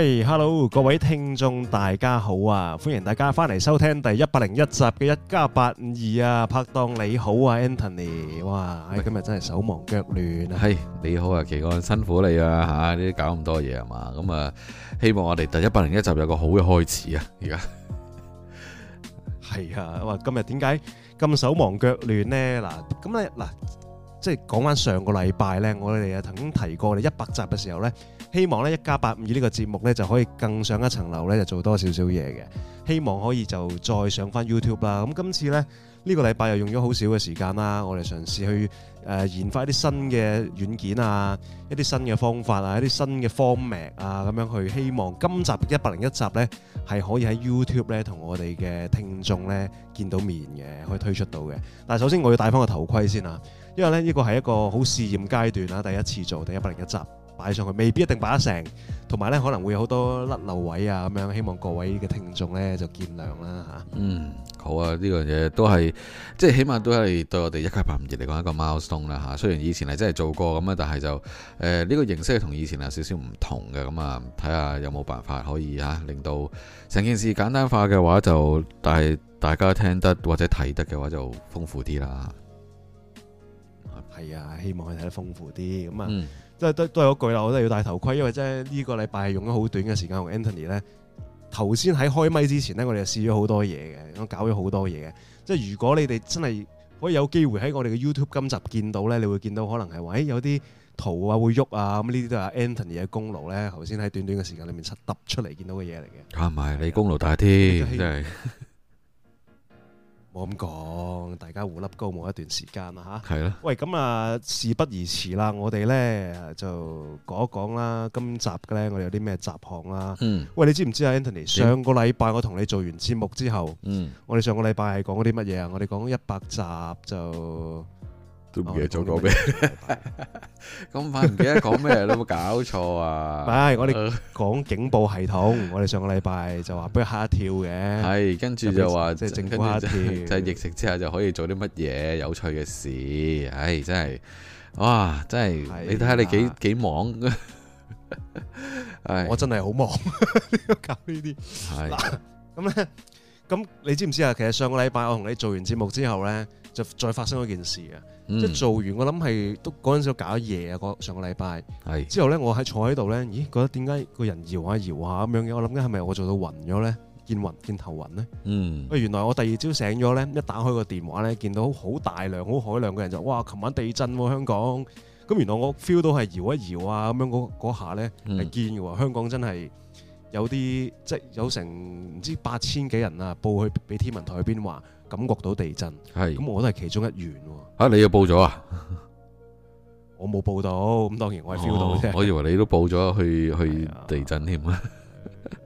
喂，Hello，各位聽眾大家好啊！歡迎大家翻嚟收聽第一百零一集嘅一加八五二啊，拍檔你好啊，Anthony，哇，今日真係手忙腳亂啊！係你好啊，奇哥，辛苦你啦吓，呢啲搞咁多嘢啊嘛？咁啊，希望我哋第一百零一集有個好嘅開始啊！而家係啊，我話今日點解咁手忙腳亂咧？嗱，咁咧嗱，即係講翻上個禮拜咧，我哋啊曾經提過我哋一百集嘅時候咧。希望咧一家八五二呢個節目咧就可以更上一層樓咧，就做多少少嘢嘅。希望可以就再上翻 YouTube 啦。咁今次咧呢個禮拜又用咗好少嘅時間啦。我哋嘗試去誒研發一啲新嘅軟件啊，一啲新嘅方法啊，一啲新嘅 format 啊，咁樣去希望今集一百零一集咧係可以喺 YouTube 咧同我哋嘅聽眾咧見到面嘅，可以推出到嘅。但係首先我要戴翻個頭盔先啊，因為咧呢個係一個好試驗階段啦，第一次做第一百零一集。擺上去未必一定擺得成，同埋咧可能會有好多甩漏位啊咁樣，希望各位嘅聽眾咧就見諒啦嚇。嗯，好啊，呢樣嘢都係，即係起碼都係對我哋一家852嚟講一個 milestone 啦嚇。雖然以前係真係做過咁啊，但係就誒呢、呃呢個形式同以前有少少唔同嘅咁啊，睇下有冇辦法可以嚇、啊、令到成件事簡單化嘅話就，就大大家聽得或者睇得嘅話就豐富啲啦。係啊，希望佢睇得豐富啲咁啊，嗯、都都都係嗰句啦，我都係要戴頭盔，因為即係呢個禮拜用咗好短嘅時間同 Anthony 咧，頭先喺開咪之前呢，我哋試咗好多嘢嘅，咁搞咗好多嘢嘅。即係如果你哋真係可以有機會喺我哋嘅 YouTube 今集見到咧，你會見到可能係話，誒、欸、有啲圖啊會喐啊，咁呢啲都係 Anthony 嘅功勞咧。頭先喺短短嘅時間裏面出揼出嚟見到嘅嘢嚟嘅。啊，唔係、啊、你功勞大啲，係以。真是 咪咁講，大家互凹高冇一段時間啦嚇。係啦。的喂，咁啊事不宜遲啦，我哋呢就講一講啦。今集呢，我哋有啲咩集項啦、啊？嗯。喂，你知唔知啊，Anthony？上個禮拜我同你做完節目之後，嗯，我哋上個禮拜係講嗰啲乜嘢啊？我哋講一百集就。都唔記得咗講咩，咁快唔記得講咩，你有冇搞錯啊？唔係，我哋講警報系統。我哋上個禮拜就話俾佢吓一跳嘅，係跟住就話即係正吓一跳，即係疫情之下就可以做啲乜嘢有趣嘅事。唉，真係，哇，真係，你睇下你幾幾忙。唉，我真係好忙，呢個搞呢啲係。咁咧，咁你知唔知啊？其實上個禮拜我同你做完節目之後咧，就再發生一件事啊。即係做完，我諗係都嗰陣時搞到夜啊！個上個禮拜，之後咧，我喺坐喺度咧，咦？覺得點解個人搖下搖下咁樣嘅？我諗緊係咪我做到暈咗咧？見暈，見頭暈咧？嗯，喂，原來我第二朝醒咗咧，一打開個電話咧，見到好大量、好海量嘅人就哇！琴晚地震喎，香港，咁原來我 feel 到係搖一搖啊，咁樣嗰嗰下咧係見嘅喎。香港真係有啲即係有成唔知八千幾人啊，報去俾天文台去邊話。感覺到地震，係咁是我都係其中一員喎、啊。你又報咗啊？我冇報到，咁當然我係 feel 到啫、哦。我以為你都報咗去 去地震添啊！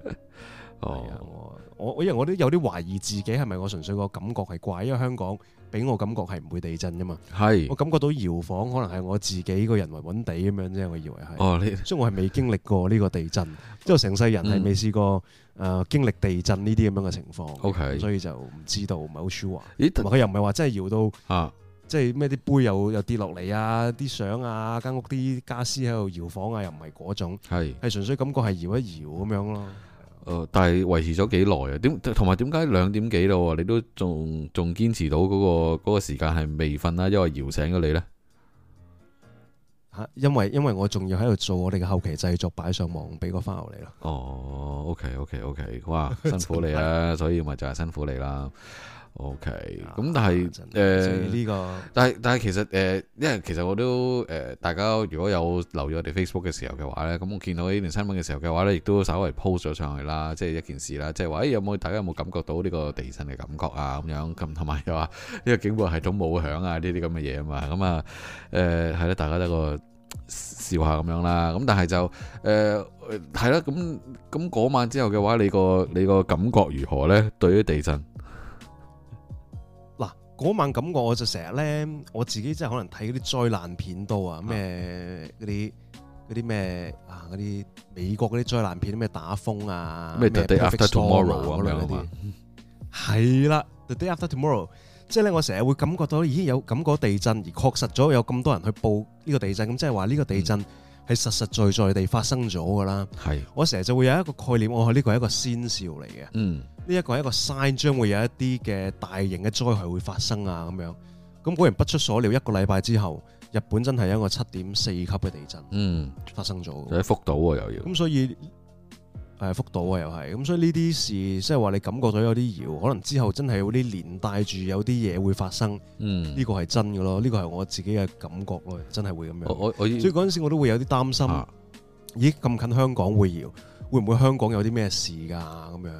哎、呀 哦，我我因為我都有啲懷疑自己係咪我純粹個感覺係怪，因為香港。俾我感覺係唔會地震噶嘛，係。我感覺到搖晃可能係我自己個人為揾地咁樣啫，我以為係。哦所，所以我係未經歷過呢個地震，即係成世人係未試過誒、嗯呃、經歷地震呢啲咁樣嘅情況。OK、嗯、所以就唔知道，唔係好 sure 啊，咦，同埋佢又唔係話真係搖到啊，即係咩啲杯又又跌落嚟啊，啲相啊，間屋啲家俬喺度搖晃啊，又唔係嗰種。係，係純粹感覺係搖一搖咁樣咯。誒、呃，但係維持咗幾耐啊？點同埋點解兩點幾咯？你都仲仲堅持到嗰個嗰個時間係未瞓啦？因為搖醒咗你呢？吓，因為因為我仲要喺度做我哋嘅後期製作，擺上網俾個返嚟啦。哦，OK OK OK，哇，辛苦你啦， 的所以咪就係辛苦你啦。O K，咁但係誒，呢個但係但係其實誒，因為其實我都誒，大家如果有留意我哋 Facebook 嘅時候嘅話咧，咁我見到呢段新聞嘅時候嘅話咧，亦都稍微 post 咗上去啦，即係一件事啦，即係話誒，有冇大家有冇感覺到呢個地震嘅感覺啊？咁樣咁同埋又話呢個警報系統冇響啊，呢啲咁嘅嘢啊嘛，咁啊誒係咧，大家都笑下咁樣啦。咁但係就誒係啦，咁咁嗰晚之後嘅話，你個你個感覺如何咧？對於地震？嗰晚感覺我就成日咧，我自己真係可能睇啲災難片多啊，咩嗰啲嗰啲咩啊，嗰啲美國嗰啲災難片，咩打風啊，咩 the Day After Tomorrow 啊，咁樣嗰啲，係啦，The Day After Tomorrow，即係咧我成日會感覺到已經有感覺地震，而確實咗有咁多人去報呢個地震，咁即係話呢個地震，嗯係實實在在地發生咗㗎啦，係，我成日就會有一個概念，我話呢個係一個先兆嚟嘅，嗯，呢一個係一個 sign，將會有一啲嘅大型嘅災害會發生啊咁樣，咁果然不出所料，一個禮拜之後，日本真係有一個七點四級嘅地震，嗯，發生咗，就喺福島啊，又要，咁所以。誒福島啊，又係咁，所以呢啲事即係話你感覺到有啲搖，可能之後真係有啲連帶住有啲嘢會發生。嗯，呢個係真嘅咯，呢個係我自己嘅感覺咯，真係會咁樣。所以嗰陣時我都會有啲擔心。啊、咦，咁近香港會搖，會唔會香港有啲咩事㗎咁、啊、樣？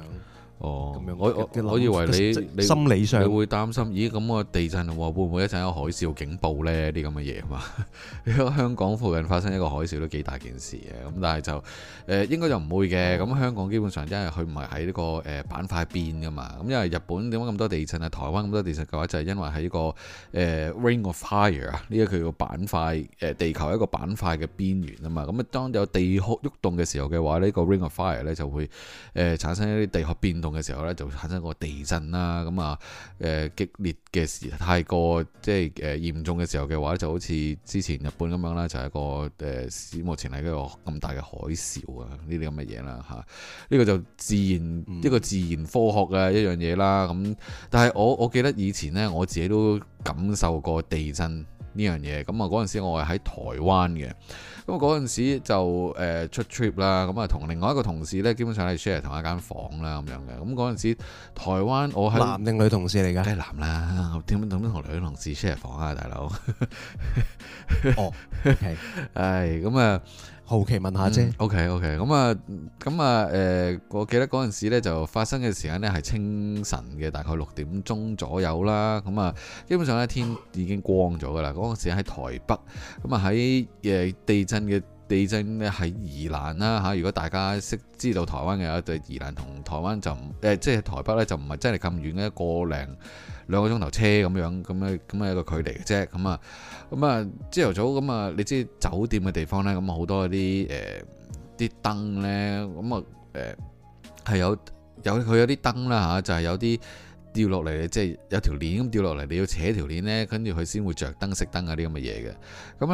哦，我我我以為你你心理上你會擔心，咦咁個地震喎，會唔會一陣有海嘯警報咧？啲咁嘅嘢嘛？ 香港附近發生一個海嘯都幾大件事嘅，咁但係就誒、呃、應該就唔會嘅。咁、哦、香港基本上因為佢唔係喺呢個誒、呃、板塊邊噶嘛，咁因為日本點解咁多地震啊？台灣咁多地震嘅話就係因為喺一個誒、呃、ring of fire 啊，呢個佢個板塊誒地球一個板塊嘅邊緣啊嘛。咁啊當有地殼喐動嘅時候嘅話呢、這個 ring of fire 咧就會誒產生一啲地殼變動。嘅時候咧，就產生個地震啦。咁啊，誒、呃、激烈嘅時，太過即係誒、呃、嚴重嘅時候嘅話，就好似之前日本咁樣啦，就係、是、一個誒、呃、史無前例嘅一個咁大嘅海嘯啊，呢啲咁嘅嘢啦嚇。呢個就自然、嗯、一個自然科學嘅一樣嘢啦。咁但係我我記得以前呢，我自己都感受過地震呢樣嘢。咁啊，嗰陣時我係喺台灣嘅。咁啊嗰陣時就誒、呃、出 trip 啦，咁啊同另外一個同事呢，基本上係 share 同一間房啦咁樣嘅。咁嗰陣時台灣我係男定女同事嚟㗎？你男啦，我點樣同同女同事 share 房啊，大佬？哦，係，咁啊。好奇問下啫。OK，OK、嗯。咁、okay, 啊、okay，咁啊，誒、呃，我記得嗰陣時呢，就發生嘅時間呢係清晨嘅，大概六點鐘左右啦。咁啊，基本上呢天已經光咗㗎喇。嗰、那、陣、個、時喺台北，咁啊喺誒地震嘅地震呢喺宜蘭啦嚇、啊。如果大家識知道台灣嘅話，就宜蘭同台灣就唔誒、呃，即係台北呢就唔係真係咁遠嘅，一個零。兩個鐘頭車咁樣，咁咧，咁啊一個距離嘅啫，咁啊，咁啊，朝頭早咁啊，你知酒店嘅地方咧，咁啊好多啲誒啲燈咧，咁啊誒係有有佢有啲燈啦嚇，就係有啲。掉落嚟，即係有條鏈咁掉落嚟，你要扯條鏈咧，跟住佢先會着燈熄燈嗰啲咁嘅嘢嘅。咁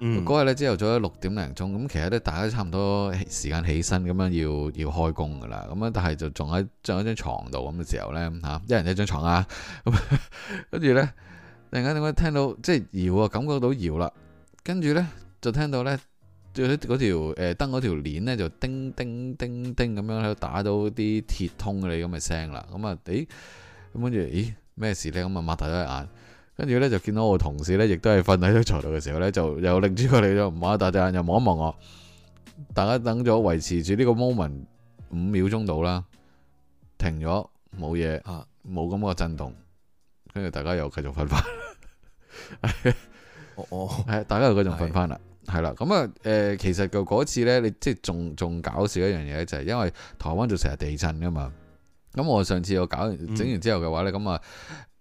咧，嗰日咧朝頭早咧六點零鐘，咁其實咧大家差唔多時間起身咁樣要要開工噶啦。咁啊，但係就仲喺仲喺張床度咁嘅時候咧，吓一人一張床啊。咁跟住咧，突然間點解聽到即係搖啊，感覺到搖啦。跟住咧就聽到咧最嗰條誒燈嗰條鏈咧就叮叮叮叮咁樣喺度打到啲鐵通嘅你咁嘅聲啦。咁啊，誒。咁跟住，咦咩事咧？咁啊，擘大咗眼，跟住咧就見到我同事咧，亦都係瞓喺張床度嘅時候咧，就又擰轉過嚟咗，擘大對眼，又望一望我。大家等咗維持住呢個 moment 五秒鐘度啦，停咗冇嘢，冇咁嘅震動，跟住大家又繼續瞓翻。哦哦，大家又繼續瞓翻啦，係 啦、哦。咁、哦、啊，誒對、嗯，其實就嗰次咧，你即係仲仲搞笑一樣嘢就係、是，因為台灣就成日地震噶嘛。咁我上次我搞完整完之後嘅話呢，咁啊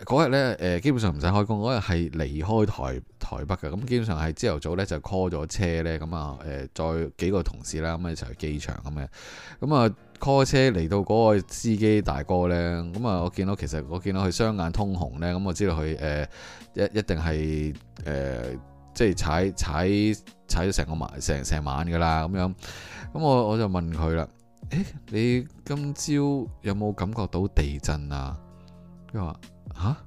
嗰日呢，誒基本上唔使開工，嗰日係離開台台北嘅，咁基本上係朝頭早呢，就 call 咗車呢。咁啊誒再幾個同事啦，咁啊一齊去機場咁嘅，咁啊 call 車嚟到嗰個司機大哥呢。咁啊我見到其實我見到佢雙眼通紅呢。咁我知道佢誒、呃、一一定係誒、呃、即係踩踩踩咗成個晚成成晚㗎啦，咁樣，咁我我就問佢啦。誒、欸，你今朝有冇感覺到地震啊？佢話，吓，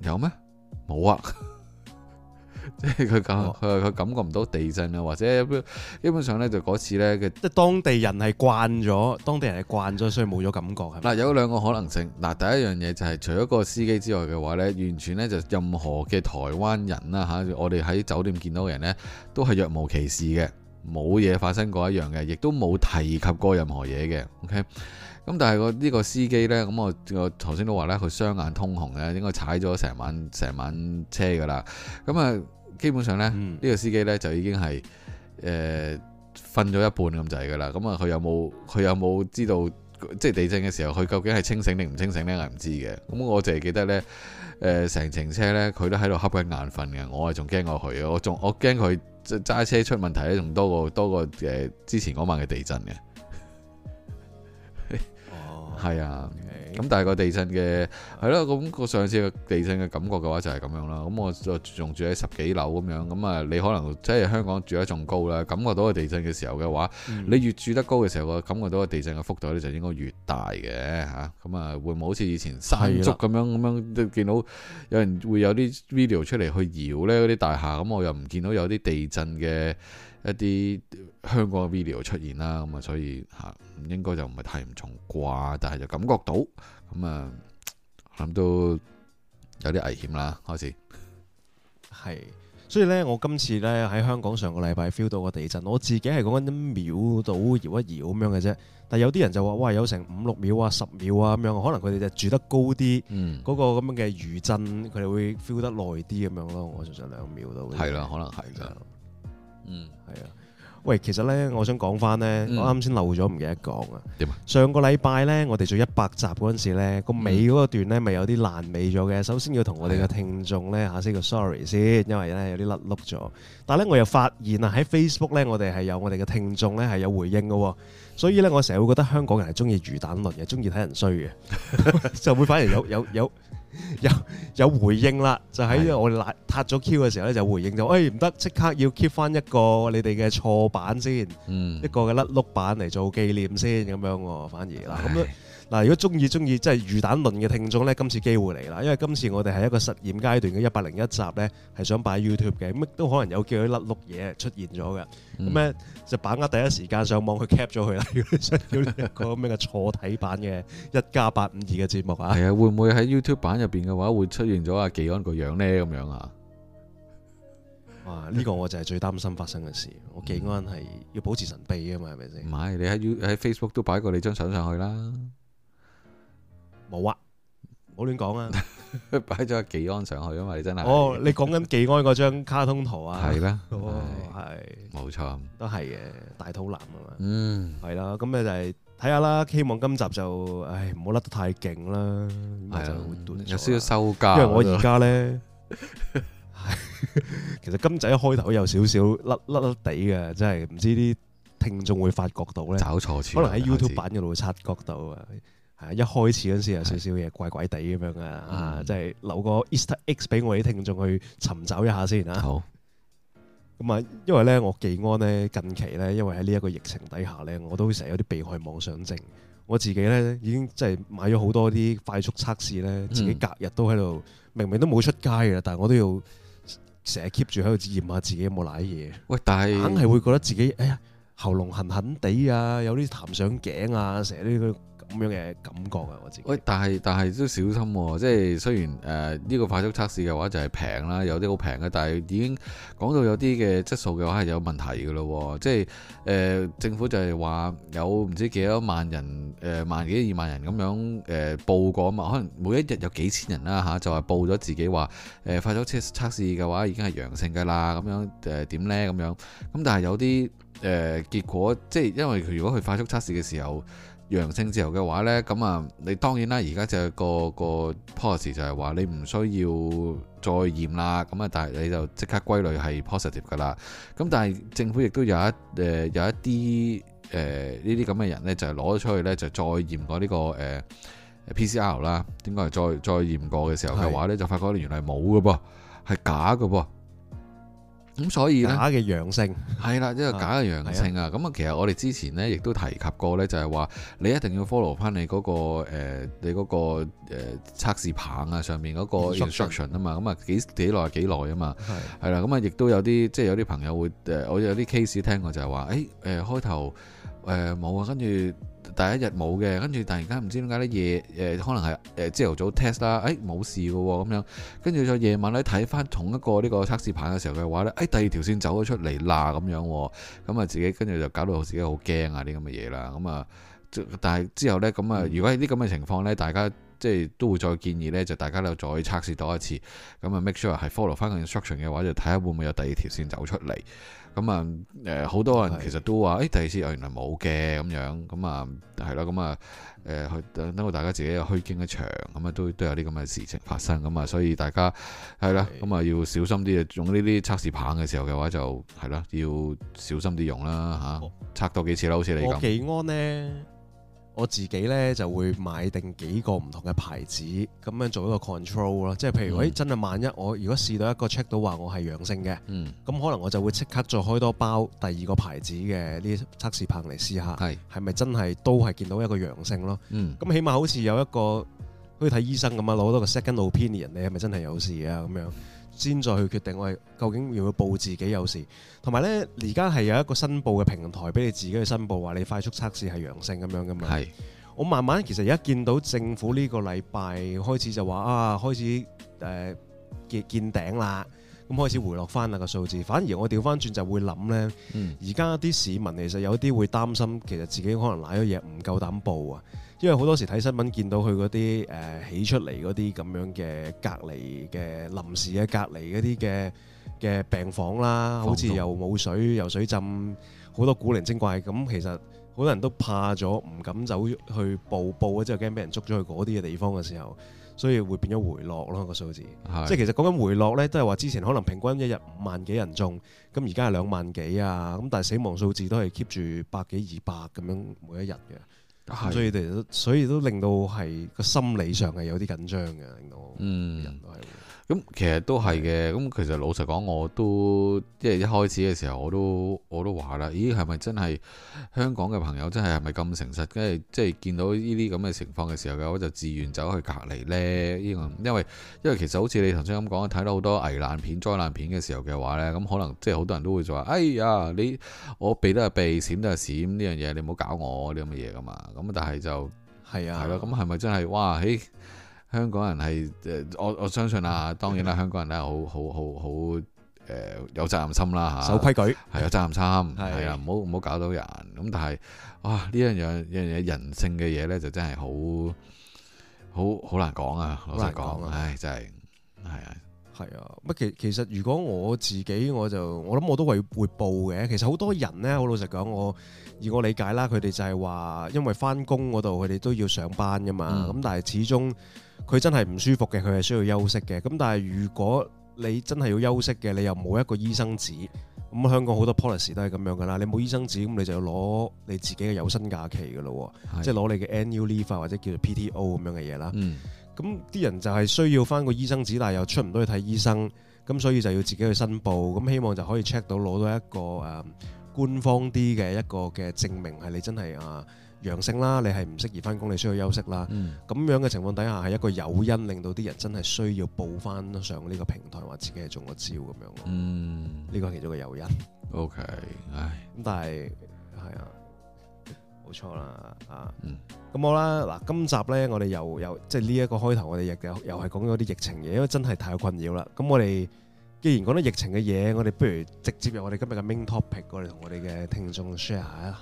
有咩冇啊？即係佢感佢佢感覺唔到地震啊，或者基本上咧就嗰次咧嘅，即係當地人係慣咗，當地人係慣咗，所以冇咗感覺嘅。嗱，有兩個可能性。嗱，第一樣嘢就係除咗個司機之外嘅話咧，完全咧就任何嘅台灣人啦吓，我哋喺酒店見到嘅人咧，都係若無其事嘅。冇嘢發生過一樣嘅，亦都冇提及過任何嘢嘅。OK，咁但係個呢個司機呢，咁我我頭先都話呢，佢雙眼通紅嘅，應該踩咗成晚成晚車噶啦。咁啊，基本上呢，呢、嗯、個司機呢，就已經係誒瞓咗一半咁滯噶啦。咁啊，佢有冇佢有冇知道即係地震嘅時候，佢究竟係清醒定唔清醒呢？我唔知嘅。咁我就係記得呢，成、呃、程車呢，佢都喺度瞌緊眼瞓嘅。我係仲驚過佢，我仲我驚佢。就揸車出問題咧，仲多過多過、呃、之前嗰晚嘅地震嘅。係啊，咁但係個地震嘅係咯，咁個、嗯啊、上次個地震嘅感覺嘅話就係咁樣啦。咁我就仲住喺十幾樓咁樣，咁啊你可能即係香港住得仲高啦，感覺到個地震嘅時候嘅話，嗯、你越住得高嘅時候，我感覺到個地震嘅幅度咧就應該越大嘅吓。咁啊會唔會好似以前山竹咁樣咁的樣都見到有人會有啲 video 出嚟，去搖呢嗰啲大廈？咁我又唔見到有啲地震嘅一啲香港嘅 video 出現啦。咁啊所以吓。啊應該就唔係太嚴重啩，但係就感覺到咁啊，諗、嗯、到、呃、有啲危險啦。開始係，所以咧，我今次咧喺香港上個禮拜 feel 到個地震，我自己係講緊一秒到搖一搖咁樣嘅啫。但係有啲人就話，哇，有成五六秒啊、十秒啊咁樣，可能佢哋就住得高啲，嗰、嗯、個咁樣嘅餘震，佢哋會 feel 得耐啲咁樣咯。我仲剩兩秒到，係啦，可能係啦，嗯，係啊。喂，其實咧，我想講翻呢。我啱先漏咗，唔記得講啊。點啊？上個禮拜呢，我哋做一百集嗰陣時咧，尾個尾嗰段呢咪有啲爛尾咗嘅。首先要同我哋嘅聽眾咧吓先個 sorry 先，因為呢有啲甩碌咗。但係咧，我又發現啊，喺 Facebook 呢，我哋係有我哋嘅聽眾呢係有回應嘅，所以呢，我成日會覺得香港人係中意魚蛋論嘅，中意睇人衰嘅， 就會反而有有有。有有有 有有回應啦，就喺我哋撻咗 Q 嘅時候咧，的就回應就，哎唔得，即刻要 keep 翻一個你哋嘅錯版先，嗯、一個嘅甩碌版嚟做紀念先咁樣喎、哦，反而啦。的麼嗱，如果中意中意即係魚蛋論嘅聽眾呢，今次機會嚟啦！因為今次我哋係一個實驗階段嘅一百零一集呢，係想擺 YouTube 嘅，咁都可能有幾粒碌嘢出現咗嘅。咁咧、嗯、就把握第一時間上網去 cap 咗佢啦。如果你想嗰個咩嘅錯體版嘅一加八五二嘅節目啊，係啊，會唔會喺 YouTube 版入邊嘅話會出現咗阿紀安個樣呢？咁樣啊？哇！呢、呢個我就係最擔心發生嘅事。嗯、我紀安係要保持神秘嘅嘛，係咪先？唔係，你喺 U 喺 Facebook 都擺過你張相上去啦。冇啊，冇亂講啊！擺咗阿寄安上去嘛，因為真係哦，oh, 你講緊寄安嗰張卡通圖啊，係咩？哦，係、啊，冇錯，都係嘅，大肚腩啊嘛，嗯，係啦，咁咧就係睇下啦，希望今集就，唉，唔好甩得太勁啦，有少少收家。因為我而家咧，係，其實金仔一開頭有少少甩甩甩地嘅，真係唔知啲聽眾會發覺到咧，找錯處可能喺 YouTube 版嗰度會察覺到啊。一開始嗰時有少少嘢怪怪地咁樣嘅啊，即係、嗯、留個 Easter Egg 俾我啲聽眾去尋找一下先啊。好，咁啊，因為咧，我忌安呢近期咧，因為喺呢一個疫情底下咧，我都成日有啲被害妄想症。我自己咧已經即係買咗好多啲快速測試咧，自己隔日都喺度，明明都冇出街嘅，但係我都要成日 keep 住喺度驗下自己有冇攋嘢。喂，但係硬係會覺得自己哎呀喉嚨痕痕地啊，有啲痰上頸啊，成日呢咁樣嘅感覺啊！我自己喂，但係但係都小心喎、啊，即係雖然誒呢、呃這個快速測試嘅話就係平啦，有啲好平嘅，但係已經講到有啲嘅質素嘅話係有問題嘅咯，即係誒、呃、政府就係話有唔知幾多萬人誒、呃、萬幾二萬人咁樣誒、呃、報過啊嘛，可能每一日有幾千人啦、啊、吓、啊，就係報咗自己話誒快速測測試嘅話已經係陽性嘅啦，咁樣誒點呢？咁樣，咁但係有啲誒結果即係因為佢如果佢快速測試嘅、呃呃、時候。陽性之後嘅話呢，咁啊，你當然啦，而家、這個這個、就個個 policy 就係話你唔需要再驗啦，咁啊，但係你就即刻歸類係 positive 噶啦。咁但係政府亦都有一誒、呃、有一啲誒呢啲咁嘅人呢，就攞、係、咗出去呢，就再驗過呢、這個誒、呃、PCR 啦。應該係再再驗過嘅時候嘅話呢，的就發覺原來冇㗎噃，係假㗎噃。咁所以咧假嘅陽性係啦，因為假嘅陽性啊！咁啊，其實我哋之前咧亦都提及過咧，就係話你一定要 follow 翻你嗰、個、呃、你嗰、個誒、呃、測試棒啊上面嗰個 instruction 啊嘛，咁啊幾幾耐幾耐啊嘛，係係啦，咁啊亦都有啲即係有啲朋友會誒、呃，我有啲 case 聽過就係話誒誒開頭誒冇啊，跟、呃、住。第一日冇嘅，跟住突然間唔知點解呢夜誒、呃，可能係誒朝頭早 test 啦、哎，誒冇事嘅喎咁樣，跟住就夜晚咧睇翻同一個呢個測試棒嘅時候嘅話咧，誒、哎、第二條線走咗出嚟啦咁樣，咁啊自己跟住就搞到自己好驚啊啲咁嘅嘢啦，咁啊，但係之後呢，咁啊，如果係啲咁嘅情況呢，大家即係都會再建議呢，就大家又再測試多一次，咁啊 make sure 係 follow 翻個 instruction 嘅話，就睇下會唔會有第二條線走出嚟。咁啊，誒、嗯，好多人其實都話，誒的、欸，第二次我原來冇嘅，咁樣，咁啊，係咯，咁啊，誒、呃，去等到大家自己去虛驚一場，咁啊，都都有啲咁嘅事情發生，咁啊，所以大家係啦，咁啊的，要小心啲，用呢啲測試棒嘅時候嘅話就，就係啦，要小心啲用啦，吓、啊，測好多幾次啦，好似你咁。我自己呢，就會買定幾個唔同嘅牌子，咁樣做一個 control 咯。即係譬如，嗯、如真係萬一我如果試到一個 check 到話我係陽性嘅，咁、嗯、可能我就會即刻再開多包第二個牌子嘅呢測試棒嚟試下，係咪是真係都係見到一個陽性咯？咁、嗯、起碼好似有一個好似睇醫生咁樣，攞到個 second opinion，你係咪真係有事啊？咁樣。先再去決定，我哋究竟要唔要報自己有事？同埋呢，而家係有一個申報嘅平台俾你自己去申報，話你快速測試係陽性咁樣咁啊。是我慢慢其實而家見到政府呢個禮拜開始就話啊，開始誒嘅、呃、見頂啦，咁開始回落翻啦個數字。反而我調翻轉就會諗呢：嗯「而家啲市民其實有啲會擔心，其實自己可能攋咗嘢唔夠膽報啊。因為好多時睇新聞見到佢嗰啲誒起出嚟嗰啲咁樣嘅隔離嘅臨時嘅隔離嗰啲嘅嘅病房啦，房東好似又冇水又水浸，好多古靈精怪咁。其實好多人都怕咗，唔敢走去報報之後驚俾人捉咗去嗰啲嘅地方嘅時候，所以會變咗回落咯、個數字。是即係其實講緊回落呢，都係話之前可能平均一日五萬幾人中，咁而家係兩萬幾啊。咁但係死亡數字都係 keep 住百幾二百咁樣每一日嘅。所以都，所以都令到係個心理上係有啲緊張嘅，令到我。嗯人咁其實都係嘅，咁其實老實講，我都即係一開始嘅時候，我都我都話啦，咦係咪真係香港嘅朋友真係係咪咁誠實？跟住即係見到呢啲咁嘅情況嘅時候嘅我就自願走去隔離呢。依個因為因為其實好似你頭先咁講，睇到好多危難片、災難片嘅時候嘅話呢，咁可能即係好多人都會就話：哎呀，你我避得係避，閃都係閃呢樣嘢，你唔好搞我啲咁嘅嘢㗎嘛。咁但係就係啊，係啦，咁係咪真係哇？嘿！香港人係，我我相信啦、啊。當然啦、啊，的香港人咧好好好好，誒、呃、有責任心啦吓，守規矩，係有責任心，係啊，唔好唔好搞到人。咁但係，哇呢樣樣樣嘢人性嘅嘢咧，就真係好，好好難講啊！老實講，唉，的真係係啊，係啊。乜其其實如果我自己我就我諗我都會會報嘅。其實好多人咧，好老實講，我以我理解啦，佢哋就係話，因為返工嗰度佢哋都要上班㗎嘛。咁、嗯、但係始終。佢真係唔舒服嘅，佢係需要休息嘅。咁但係如果你真係要休息嘅，你又冇一個醫生紙。咁香港好多 policy 都係咁樣噶啦。你冇醫生紙咁，你就要攞你自己嘅有薪假期噶咯。的即係攞你嘅 annual leave a，或者叫做 PTO 咁樣嘅嘢啦。咁啲、嗯、人就係需要翻個醫生紙，但係又出唔到去睇醫生。咁所以就要自己去申報。咁希望就可以 check 到攞到一個誒、啊、官方啲嘅一個嘅證明係你真係啊。陽性啦，你係唔適宜翻工，你需要休息啦。咁、嗯、樣嘅情況底下，係一個誘因，令到啲人真係需要報翻上呢個平台，話自己係中咗招咁樣。嗯，呢個係其中嘅誘因。OK，唉，咁但係係啊，冇錯啦。嗯、啊，咁好啦。嗱，今集呢，我哋又又即係呢一個開頭，我哋又又係講咗啲疫情嘢，因為真係太困擾啦。咁我哋。既然講到疫情嘅嘢，我哋不如直接由我哋今日嘅 main topic 過嚟同我哋嘅聽眾 share 一下。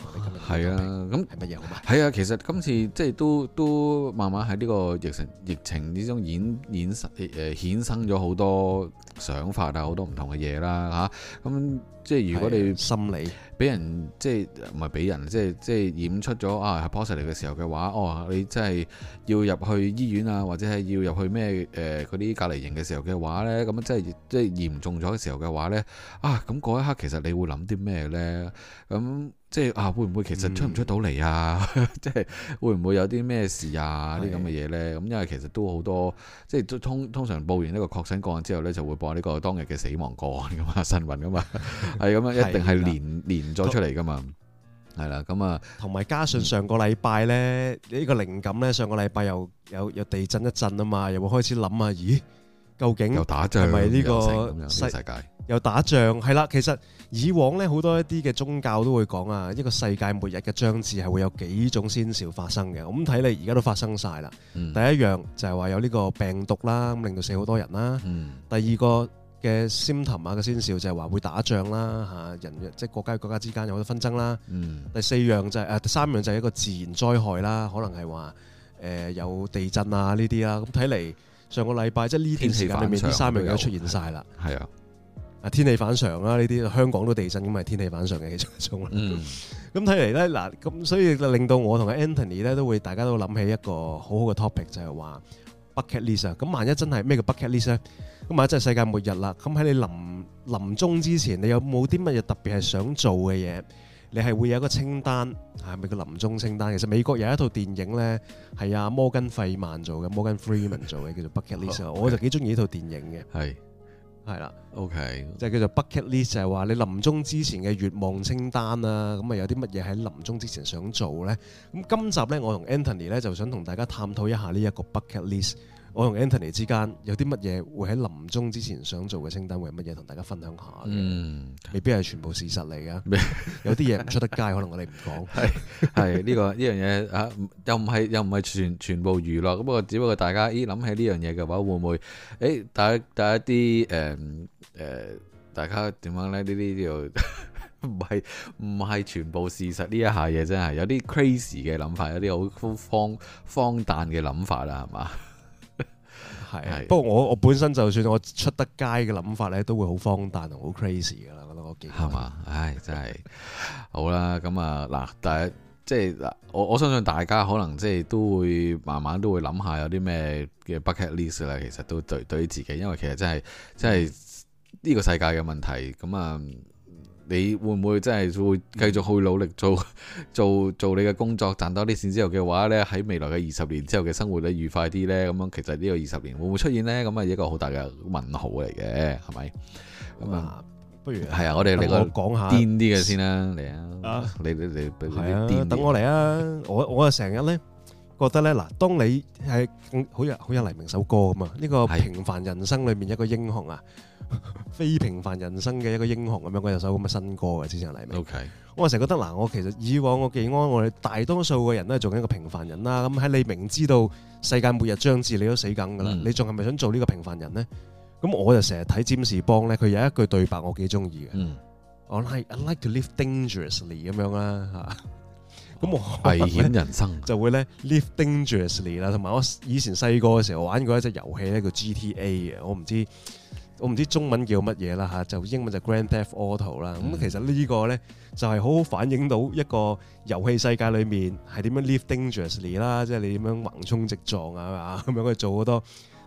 我哋今日係啊，咁係乜嘢好嘛嗎？係啊，其實今次即係都都慢慢喺呢個疫情疫情之中衍衍衍生咗好多。想法啊，好多唔同嘅嘢啦嚇，咁即係如果你心理俾人即係唔係俾人即係即係演出咗啊 positive 嚟嘅時候嘅話，哦，你真係要入去醫院啊，或者係要入去咩誒嗰啲隔離營嘅時候嘅話咧，咁即係即係嚴重咗嘅時候嘅話咧，啊，咁嗰一刻其實你會諗啲咩咧？咁即係啊，會唔會其實出唔出到嚟啊？即係、嗯、 會唔會有啲咩事啊？啲咁嘅嘢呢？咁因為其實都好多，即係通通常報完呢個確診個案之後呢，就會播呢個當日嘅死亡個案咁啊，新聞噶嘛，係咁啊，一定係連是的 連咗出嚟噶嘛，係啦都，咁啊，同、嗯、埋加上上個禮拜呢，呢、呢個靈感呢，上個禮拜又有有地震一震啊嘛，又會開始諗啊，咦，究竟打係咪呢個世界？又打仗係啦，其實以往呢，好多一啲嘅宗教都會講啊，一個世界末日嘅將至係會有幾種先兆發生嘅。咁睇嚟，而家都發生晒啦。嗯、第一樣就係話有呢個病毒啦，咁令到死好多人啦。嗯、第二個嘅先談啊嘅先兆就係話會打仗啦，嚇人即係國家與國家之間有好多紛爭啦。嗯、第四樣就係、是、誒，第、啊、三樣就係一個自然災害啦，可能係話誒有地震啊呢啲啦。咁睇嚟上個禮拜即係呢段時間裏面，呢三樣嘢都出現晒啦，係啊。天氣反常啦，呢啲香港都地震咁，係天氣反常嘅其中一種啦。嗯。咁睇嚟咧，嗱，咁所以令到我同阿 Anthony 咧，都會大家都諗起一個好好嘅 topic，就係話 Bucket List 啊。咁萬一真係咩叫 Bucket List 咧？咁萬一真係世界末日啦，咁喺你臨臨終之前，你有冇啲乜嘢特別係想做嘅嘢？你係會有一個清單，係咪叫臨終清單？其實美國有一套電影咧，係阿摩根費曼做嘅，摩根 Freeman 做嘅，叫做 Bucket List 啊。我就幾中意呢套電影嘅。係。係啦，OK，即係叫做 bucket list，就係話你臨終之前嘅願望清單啊。咁啊，有啲乜嘢喺臨終之前想做呢？咁今集呢，我同 Anthony 呢，就想同大家探討一下呢一個 bucket list。我同 Anthony 之間有啲乜嘢會喺臨終之前想做嘅清單，會有乜嘢同大家分享下？嗯，未必係全部事實嚟嘅， 有啲嘢唔出得街，可能我哋唔講。係係呢個呢樣嘢啊，又唔係又唔係全全部娛樂。咁不過，只不過大家咦諗起呢樣嘢嘅話，會唔會？誒、欸，大家大家啲誒誒，大家點講咧？呃、樣呢啲又唔係唔係全部事實，呢一下嘢真係有啲 crazy 嘅諗法，有啲好荒荒誕嘅諗法啦，係嘛？係，不過我我本身就算我出得街嘅諗法咧，都會好荒誕同好 crazy 噶啦，我覺得我幾係嘛，唉，真係 好啦，咁啊嗱，大家即係我我相信大家可能即係都會慢慢都會諗下有啲咩嘅 bucket list 咧，其實都對對於對自己，因為其實真係真係呢個世界嘅問題咁啊。你會唔會真係會繼續去努力做做做你嘅工作賺多啲錢之後嘅話呢？喺未來嘅二十年之後嘅生活你愉快啲呢？咁樣其實呢個二十年會唔會出現呢？咁啊一個好大嘅問號嚟嘅係咪？咁啊，不如係啊，我哋嚟講下，癲啲嘅先啦，嚟啊，你你你，係啊，等我嚟啊，我 我啊成日咧。覺得咧嗱，當你係好有好有黎明首歌咁啊，呢個平凡人生裏面一個英雄啊，的 非平凡人生嘅一個英雄咁樣嗰首咁嘅新歌啊。之前黎明。O Okay . K，我成日覺得嗱，我其實以往我記安，我哋大多數嘅人都係做緊一個平凡人啦。咁喺你明知道世界末日將至，你都死緊㗎啦，mm hmm. 你仲係咪想做呢個平凡人呢？咁我就成日睇占士邦咧，佢有一句對白我幾中意嘅，我、mm hmm. like I like to live dangerously 咁樣啦嚇。 咁我危險人生就會咧 live dangerously 啦，同埋我以前細個嘅時候，玩過一隻遊戲咧叫 GTA 嘅，我唔知我唔知中文叫乜嘢啦嚇，就英文就 Grand Theft Auto 啦、嗯。咁其實個呢個咧就係、是、好好反映到一個遊戲世界裏面係點樣 live dangerously 啦，即係你點樣橫衝直撞啊，咁樣去做好多。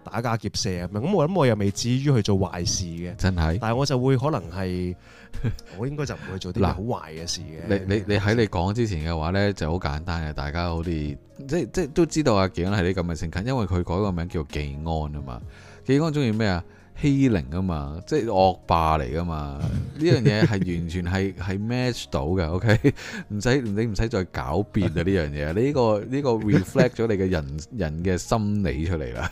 打家劫舍啊咁，我諗我又未至於去做壞事嘅、嗯，真係。但係我就會可能係，我應該就唔會去做啲好壞嘅事嘅。喇在你樣你你喺你講之前嘅話咧，就好簡單嘅，大家好啲，即即都知道阿景係你咁嘅性格，因為佢改個名叫技安啊嘛。技安中意咩啊？欺凌啊嘛，即係惡霸嚟噶嘛。呢 樣嘢係完全係係 match 到嘅，OK？唔使你唔使再狡辯啊！呢樣嘢，呢、這個呢個 reflect 咗你嘅人人嘅心理出嚟啦。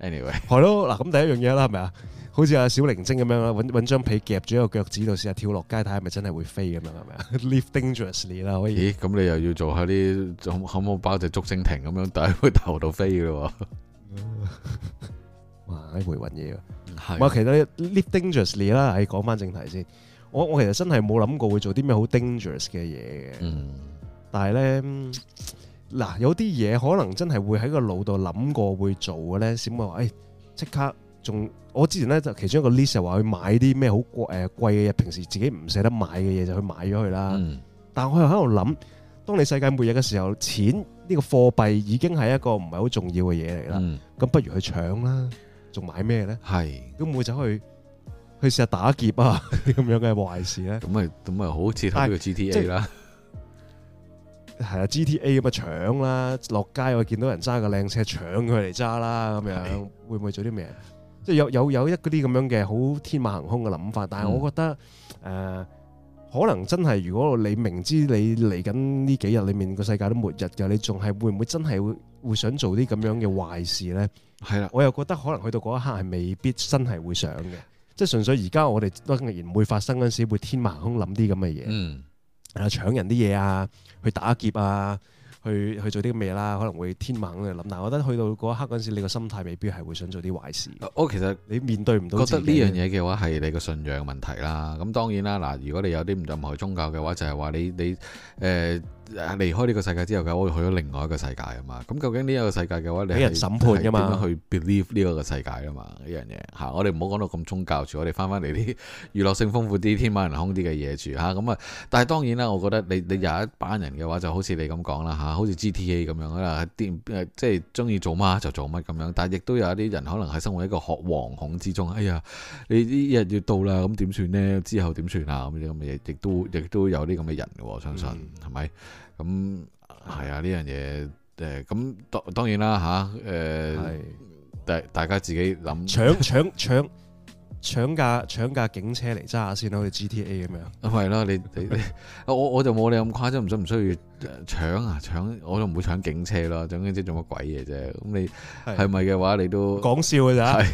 Anyway，係咯嗱，咁第一樣嘢啦，係咪啊？好似阿小靈精咁樣，揾揾張被夾住一個腳趾度，試下跳落街睇下，係咪真係會飛咁樣，係咪啊？Live dangerously 啦，可以。咦？咁你又要做下啲，可唔可包隻竹蜻蜓咁樣，戴喺個頭度飛咯？ 哇！喺度搵嘢啊！係的。唔係，其實 live dangerously 啦。唉，講翻正題先，我我其實真係冇諗過會做啲咩好 dangerous 嘅嘢嘅。嗯。但係咧。嗱，有啲嘢可能真係會喺個腦度諗過會做嘅咧，小妹話，誒，即刻仲，我之前咧就其中一個 list 又話去買啲咩好誒貴嘅嘢，平時自己唔捨得買嘅嘢就去買咗佢啦。但我又喺度諗，當你世界末日嘅時候，錢呢個貨幣已經係一個唔係好重要嘅嘢嚟啦。咁不如去搶啦，仲買咩咧？係，咁會走去去試下打劫啊，咁樣嘅壞事咧。咁咪咁咪好似睇到 GTA 啦。係啊，GTA 咁嘅搶啦，落街我見到人揸個靚車搶佢嚟揸啦，咁樣的會唔會做啲咩？即係有有有一啲咁樣嘅好天馬行空嘅諗法，但係我覺得誒、嗯呃，可能真係如果你明知你嚟緊呢幾日裡面個世界都末日嘅，你仲係會唔會真係會會會想做啲咁樣嘅壞事咧？係啦的，我又覺得可能去到嗰一刻係未必真係會想嘅，即係純粹而家我哋當然唔會發生嗰陣時會天馬行空諗啲咁嘅嘢。嗯。啊！搶人啲嘢啊，去打劫啊，去去做啲咩啦，可能會天猛咁諗。但我覺得去到嗰一刻嗰陣時，你個心態未必係會想做啲壞事，啊。我其實你面對唔到。覺得呢樣嘢嘅話係你個信仰問題啦。咁、嗯、當然啦。嗱，如果你有啲唔同宗教嘅話，就係、是、話你你誒。呃離開呢個世界之後嘅，我哋去咗另外一個世界啊嘛。咁究竟呢一個世界嘅話，你係點樣去 believe 呢一個世界啊嘛？呢樣嘢吓，我哋唔好講到咁宗教住。我哋翻翻嚟啲娛樂性豐富啲、天馬行空啲嘅嘢住吓。咁啊，但係當然啦，我覺得你你有一班人嘅話，就好似你咁講啦吓，好似 GTA 咁樣啊，點即係中意做乜就做乜咁樣。但係亦都有一啲人可能係生活喺一個恐惶恐之中。哎呀，你呢日要到啦，咁點算呢？之後點算啊？咁啲咁嘅嘢，亦都亦都有啲咁嘅人嘅。我相信係咪？嗯咁係啊，呢樣嘢，誒咁當當然啦吓誒，係、呃、是大家自己諗，搶搶搶搶架，搶架警車嚟揸下先啦，好似 GTA 咁樣。係啦、 啊，你你，你我我就冇你咁誇張，唔需唔需要。搶啊搶！我都唔會搶警車咯，總之做乜鬼嘢啫？咁你係咪嘅話，你都講笑嘅咋？係係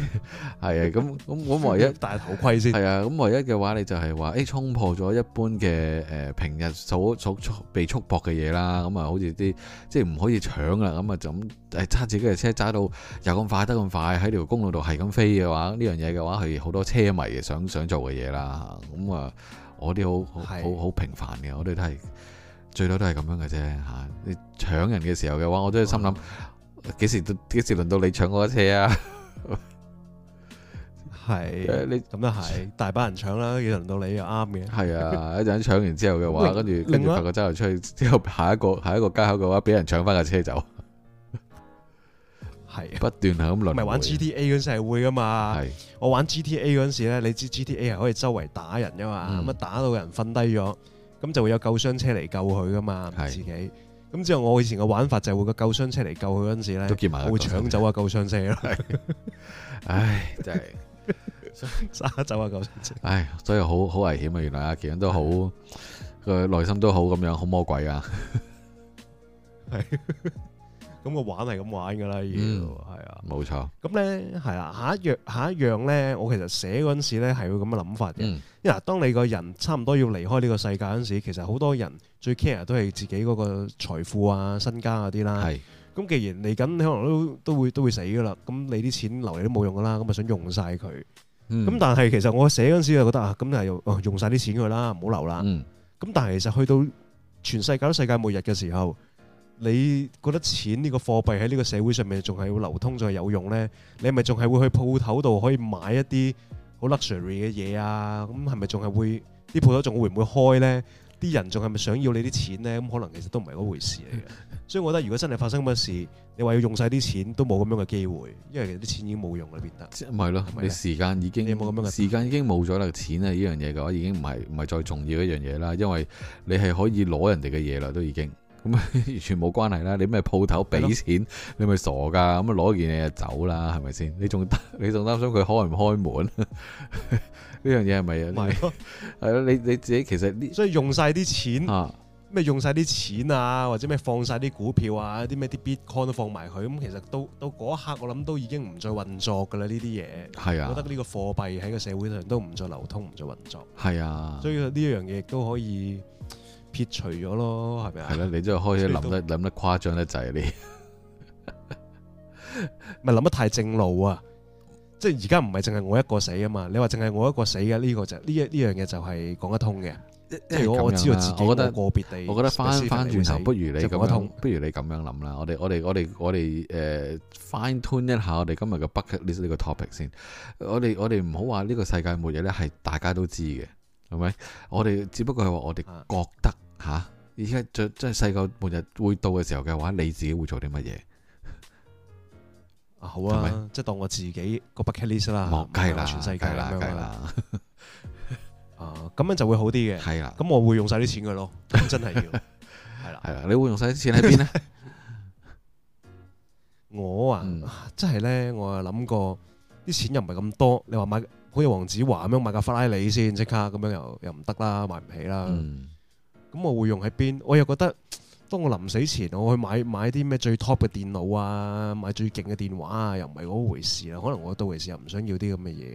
啊，咁咁我唯一戴頭盔先。係啊，咁唯一嘅話，你就係話誒，衝破咗一般嘅誒平日所所被束縛嘅嘢啦。咁啊，好似啲即係唔可以搶啦。咁啊，就咁揸自己嘅車揸到又咁快，得咁快喺條公路度係咁飛嘅話，呢樣嘢嘅話係好多車迷想想做嘅嘢啦。咁啊，我啲好好好平凡嘅，我哋都係。最多都係咁樣嘅啫吓，你搶人嘅時候嘅話，我都係心諗，幾、哦、時都幾時輪到你搶我架車啊？係、啊，你咁又係，大把人搶啦，要輪到你又啱嘅。係啊，一陣搶完之後嘅話，跟住跟住拍個枕出去，之後下一個下一個街口嘅話，俾人搶翻架車走。係、啊、不斷咁輪。咪玩 G T A 嗰陣社會噶嘛？係，我玩 G T A 嗰陣時咧，你知 G T A 係可以周圍打人噶嘛？咁啊、嗯、打到人瞓低咗。咁就會有救傷車嚟救佢㗎嘛，是自己。咁之後我以前嘅玩法就會個救傷車嚟救佢嗰陣時咧，我會搶走啊救傷車咯。唉，真係，爭走啊救傷車。啊、傷車唉，所以好好危險啊！原來阿其都好，個的內心都好咁樣，好魔鬼啊。係 是的。 咁個玩係咁玩噶啦，要係啊，冇錯。咁咧係啊，下一樣下一樣咧，我其實寫嗰陣時咧係會咁嘅諗法嘅。因為，當你個人差唔多要離開呢個世界嗰陣時，其實好多人最 care 都係自己嗰個財富啊、身家嗰啲啦。係。咁既然嚟緊，你可能都都會都會死噶啦，咁你啲錢留嚟都冇用噶啦，咁啊想用晒佢。咁但係其實我寫嗰陣時就覺得啊，咁就係用用晒啲錢佢啦，唔好留啦。咁但係其實去到全世界都世界末日嘅時候。你覺得錢呢個貨幣喺呢個社會上面仲係要流通，仲係有用咧？你咪仲係會去鋪頭度可以買一啲好 luxury 嘅嘢啊？咁係咪仲係會啲鋪頭仲會唔會開咧？啲人仲係咪想要你啲錢咧？咁可能其實都唔係嗰回事嚟嘅。 所以我覺得如果真係發生咁嘅事，你話要用晒啲錢都冇咁樣嘅機會，因為其實啲錢已經冇用啦，變得唔係咯。是是你時間已經冇咁樣嘅時間已經冇咗啦，錢啊呢樣嘢嘅話已經唔係唔係再重要一樣嘢啦，因為你係可以攞人哋嘅嘢啦，都已經。咁啊，完全冇關係啦！你咩鋪頭俾錢，的你咪傻噶！咁啊攞件嘢就走啦，係咪先？你仲你仲擔心佢開唔開門？呢樣嘢係咪啊？係的，係咯，你你自己其實所以用晒啲錢啊，咩用晒啲錢啊，或者咩放晒啲股票啊，啲咩啲 Bitcoin 都放埋佢，咁其實到到嗰一刻，我諗都已經唔再運作噶啦呢啲嘢。係啊，的我覺得呢個貨幣喺個社會上都唔再流通，唔再運作。係啊的，所以呢一樣嘢都可以。撇除咗咯，係咪啊？係咯 到，你真係開始諗得諗得誇張得滯，你咪諗得太正路啊！即係而家唔係淨係我一個死啊嘛，你話淨係我一個死嘅呢，這個就呢呢樣嘢就係講得通嘅。即係我我知道自己個別地，specific 我覺得翻翻轉頭不如你咁樣，通不如你咁樣諗啦。我哋我哋我哋我哋誒，fine tune 一下我哋今日嘅 bucket 呢呢個 topic 先。我哋我哋唔好話呢個世界末日咧，係大家都知嘅。係咪？我哋只不過係話，我哋覺得吓，而家即即係細個末日會到嘅時候嘅話，你自己會做啲乜嘢？啊好啊，嗯、即係當我自己個 bucket、er、list 啦，世界啦，全世界啦，咁樣咁的、啊、樣就會好啲嘅。係啦的，咁我會用晒啲錢㗎咯， 真係要。係啦，係啦，你會用晒啲錢喺邊呢？ 我啊，啊啊真係咧，我啊諗過啲錢又唔係咁多，你話買？好似黃子華咁樣買架法拉利先，即刻咁樣又又唔得啦，買唔起啦。咁、嗯、我會用喺邊？我又覺得當我臨死前，我去買買啲咩最 top 嘅電腦啊，買最勁嘅電話啊，又唔係嗰回事啦。可能我到時又唔想要啲咁嘅嘢。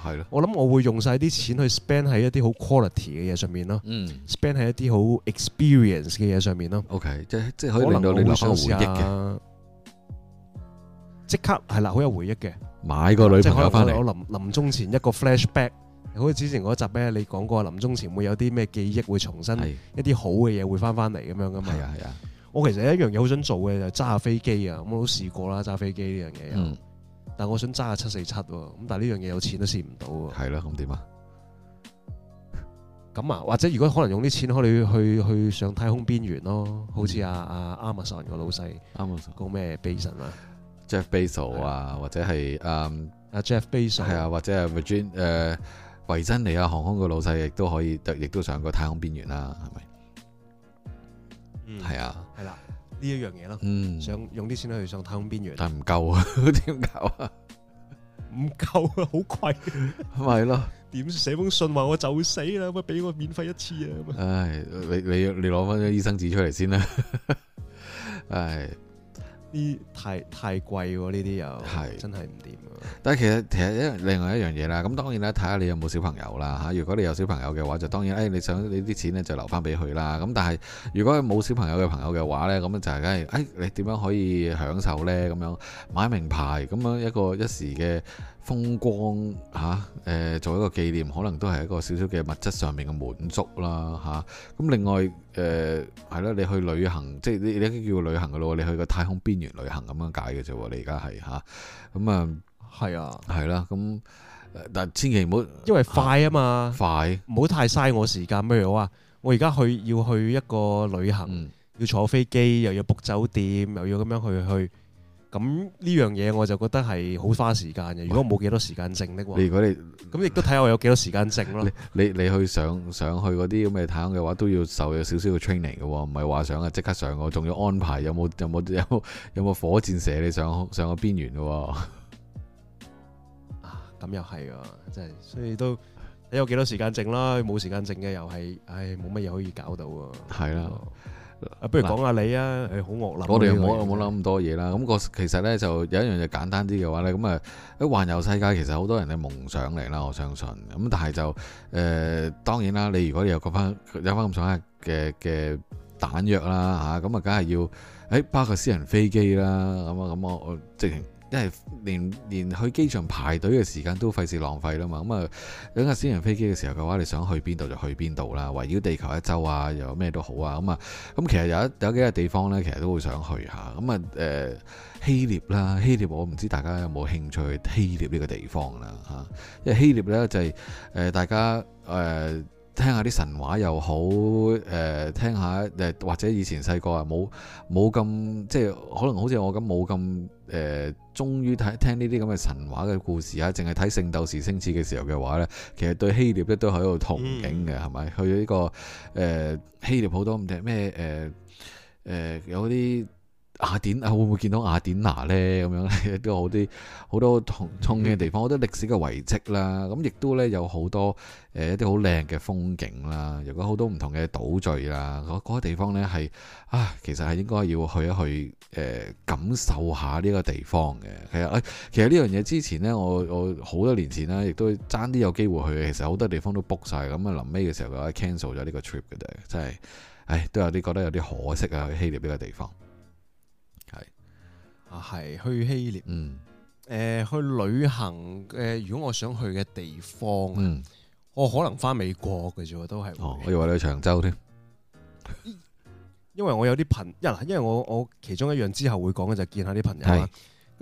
係咯的，我諗我會用晒啲錢去 spend 喺一啲好 quality 嘅嘢上面咯、嗯、spend 喺一啲好 experience 嘅嘢上面咯。OK，即即係可以令到你留翻回憶嘅。即刻係啦，好有回憶嘅，買個女朋友翻嚟。我臨臨終前一個 flashback，好似之前嗰集咧，你講過臨終前會有啲咩記憶會重新一會，一啲好嘅嘢會翻翻嚟咁樣噶嘛。係啊係啊，我其實一樣嘢好想做嘅就揸下飛機啊，我都試過啦揸飛機呢樣嘢。嗯，但係我想揸下七四七喎，咁但係呢樣嘢有錢都試唔到喎。係咯，咁點啊？咁啊，或者如果可能用啲錢，可以去去，去上太空邊緣咯，好似阿阿阿馬遜個老細，阿馬遜個咩貝神啊？Jeff Bezos 啊，或者係阿 Jeff Bezos，係啊，或者係 Virgin 誒維珍尼亞航空嘅老細，亦都可以，亦都上過太空邊緣啦，係咪？係啊，係啦，呢一樣嘢咯，想用啲錢去上太空邊緣，但唔夠啊，點搞啊？唔夠啊，好貴，係咪咯，點寫封信話我就死啦？咁啊，俾我免費一次啊？唉，你你你攞翻張醫生紙出嚟先啦，唉。.啲太太貴喎，呢啲又係真係唔掂。但係其實其實一另外一樣嘢啦，咁當然咧睇下你有冇小朋友啦吓，如果你有小朋友嘅話，就當然誒你想你啲錢呢就留翻俾佢啦。咁但係如果冇小朋友嘅朋友嘅話呢，咁就係梗係誒你點樣可以享受呢？咁樣買名牌咁樣一個一時嘅風光吓，誒、啊呃、做一個紀念，可能都係一個少少嘅物質上面嘅滿足啦吓。咁、啊、另外誒係啦，你去旅行，即係你你已經叫旅行噶咯，你去個太空邊緣旅行咁樣解嘅啫。你而家係吓咁啊。嗯係啊，係啦，咁但千祈唔好，因為快啊嘛，快，唔好太嘥我時間。譬如我話，我而家去要去一個旅行，嗯、要坐飛機，又要 book 酒店，又要咁樣去去，咁呢樣嘢我就覺得係好花時間嘅。如果冇幾多時間剩咧、啊，你如果你咁，亦都睇下我有幾多時間剩咯。 你你去上上去嗰啲咁嘅太空嘅話，都要受有少少嘅 training 嘅，唔係話想啊即刻上，我仲要安排有冇有冇有有冇火箭射你上上個邊緣嘅。咁又係啊，真係，所以都你有幾多時間剩啦。冇時間剩嘅又係，唉，冇乜嘢可以搞到的、那個、啊。係啦，不如講下你啊，係好、嗯哎、惡諗。我哋又冇冇諗咁多嘢啦。咁、那個其實呢，就有一樣嘢簡單啲嘅話呢。咁啊，喺環遊世界其實好多人嘅夢想嚟啦，我相信。咁但係就誒、呃，當然啦，你如果你有個返有返咁上下嘅嘅彈藥啦嚇，咁啊，梗係要誒、哎、包個私人飛機啦。咁啊咁我我即因為連連去機場排隊嘅時間都費事浪費啦嘛，咁、嗯、啊，有架私人飛機嘅時候嘅話，你想去邊度就去邊度啦，圍繞地球一周啊，又咩都好啊，咁、嗯、啊，咁、嗯、其實有有幾個地方呢，其實都會想去下，咁、嗯、啊，誒、呃，希臘啦，希臘我唔知大家有冇興趣去希臘呢個地方啦，吓、啊，因為希臘呢就係、是、誒、呃，大家誒、呃、聽下啲神話又好，誒、呃、聽下誒或者以前細個啊冇冇咁即係可能好似我咁冇咁。誒，終於睇聽呢啲咁嘅神話嘅故事啊！淨係睇《聖鬥士星矢》嘅時候嘅話呢，其實對希臘咧都係一個憧憬嘅，係咪、嗯？去咗、這個呃呃呃、一個希臘好多唔知咩誒誒有啲。雅典啊，會唔會見到雅典娜呢？咁樣咧，都好啲，好多同衝嘅地方，好多歷史嘅遺跡啦。咁亦都呢，有好多誒一啲好靚嘅風景啦。如果好多唔同嘅島嶼啦，嗰、那、啲、個、地方呢，係啊，其實係應該要去一去誒、呃、感受下呢個地方嘅。其實其實呢樣嘢之前呢，我我好多年前呢，亦都爭啲有機會去。其實好多地方都 book 晒，咁啊臨尾嘅時候佢 cancel 咗呢個 trip 嘅啫，真係，唉，都有啲覺得有啲可惜啊，去希臘呢個地方。啊，係去希臘，誒、嗯，呃，去旅行，誒、呃，如果我想去嘅地方，嗯、我可能翻美國嘅啫，都係、哦，我以為你去長洲添，因為我有啲朋，嗱，因為我我其中一樣之後會講嘅就係見下啲朋友，咁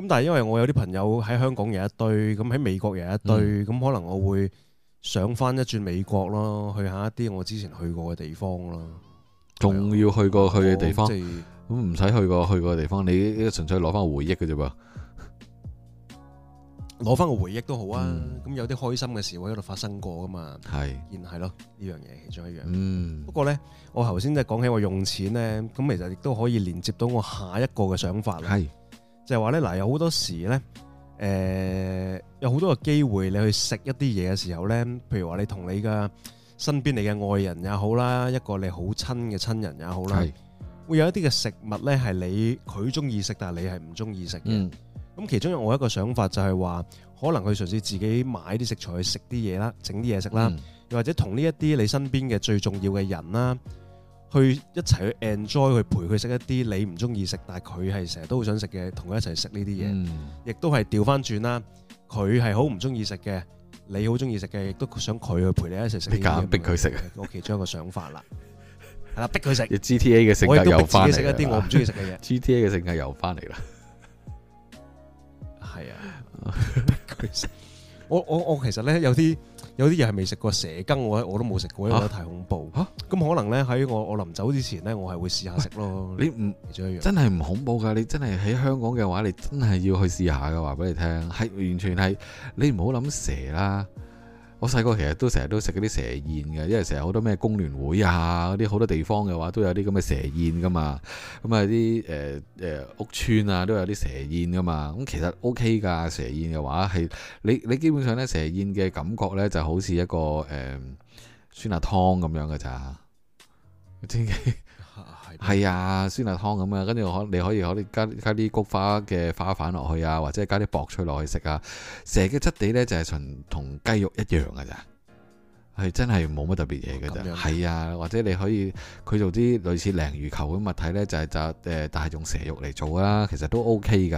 是但係因為我有啲朋友喺香港有一堆，咁喺美國有一堆，咁、嗯、可能我會想翻一轉美國咯，去下一啲我之前去過嘅地方咯，仲要去過去嘅地方。嗯咁唔使去過去過嘅地方，你呢個純粹攞翻回，回憶嘅啫噃，攞翻個回憶都好啊。咁、嗯、有啲開心嘅事會喺度發生過噶嘛？係是，然係咯，呢樣嘢其中一樣。嗯，不過咧，我頭先即係講起我用錢咧，咁其實亦都可以連接到我下一個嘅想法。係是，就係話咧，嗱，有好多時咧，誒、呃、有好多嘅機會，你去食一啲嘢嘅時候咧，譬如話你同你嘅身邊你嘅愛人也好啦，一個你好親嘅親人也好啦。是會有一啲嘅食物咧，係你佢中意食，但係你係唔中意食嘅。咁、嗯、其中有我一個想法就，就係話可能佢嘗試自己買啲食材去食啲嘢啦，整啲嘢食啦，又、嗯、或者同呢一啲你身邊嘅最重要嘅人啦，去一齊去 enjoy，去陪佢食一啲你唔中意食，但係佢係成日都好想食嘅，同佢一齊食呢啲嘢。嗯、亦都係調翻轉啦，佢係好唔中意食嘅，你好中意食嘅，亦都想佢去陪你一齊食。你夾硬逼佢食，我其中一個想法啦。 係啦，逼佢食。你 GTA 嘅性格又翻嚟啦。我亦都逼自己食一啲我唔中意食嘅嘢。GTA 嘅性格又翻嚟啦。係啊，逼佢食。我我我其實咧有啲有啲嘢係未食過蛇羹，我我都冇食過，因為我覺得太恐怖。吓咁可能咧喺我我臨走之前咧，我係會試下食咯。你唔真係唔恐怖噶，你真係喺香港嘅話，你真係要去試下嘅。話俾你聽，係完全係你唔好諗蛇啦。我細個其實都成日都食嗰啲蛇宴嘅，因為成日好多咩工聯會啊，嗰啲好多地方嘅話都有啲咁嘅蛇宴噶嘛，咁、呃呃、啊，啲誒誒屋村啊都有啲蛇宴噶嘛，咁其實 OK 㗎，蛇宴嘅話係你你基本上咧蛇宴嘅感覺咧就好似一個誒、呃、酸辣湯咁樣嘅咋。係啊，酸辣湯咁啊，跟住可你可以可你加加啲菊花嘅花粉落去啊，或者加啲薄脆落去食啊。蛇嘅質地呢，就係純同雞肉一樣噶咋，係真係冇乜特別嘢噶咋。係啊，或者你可以佢做啲類似鯪魚球咁物體呢，就係就誒，但係用蛇肉嚟做啦，其實都 OK 噶，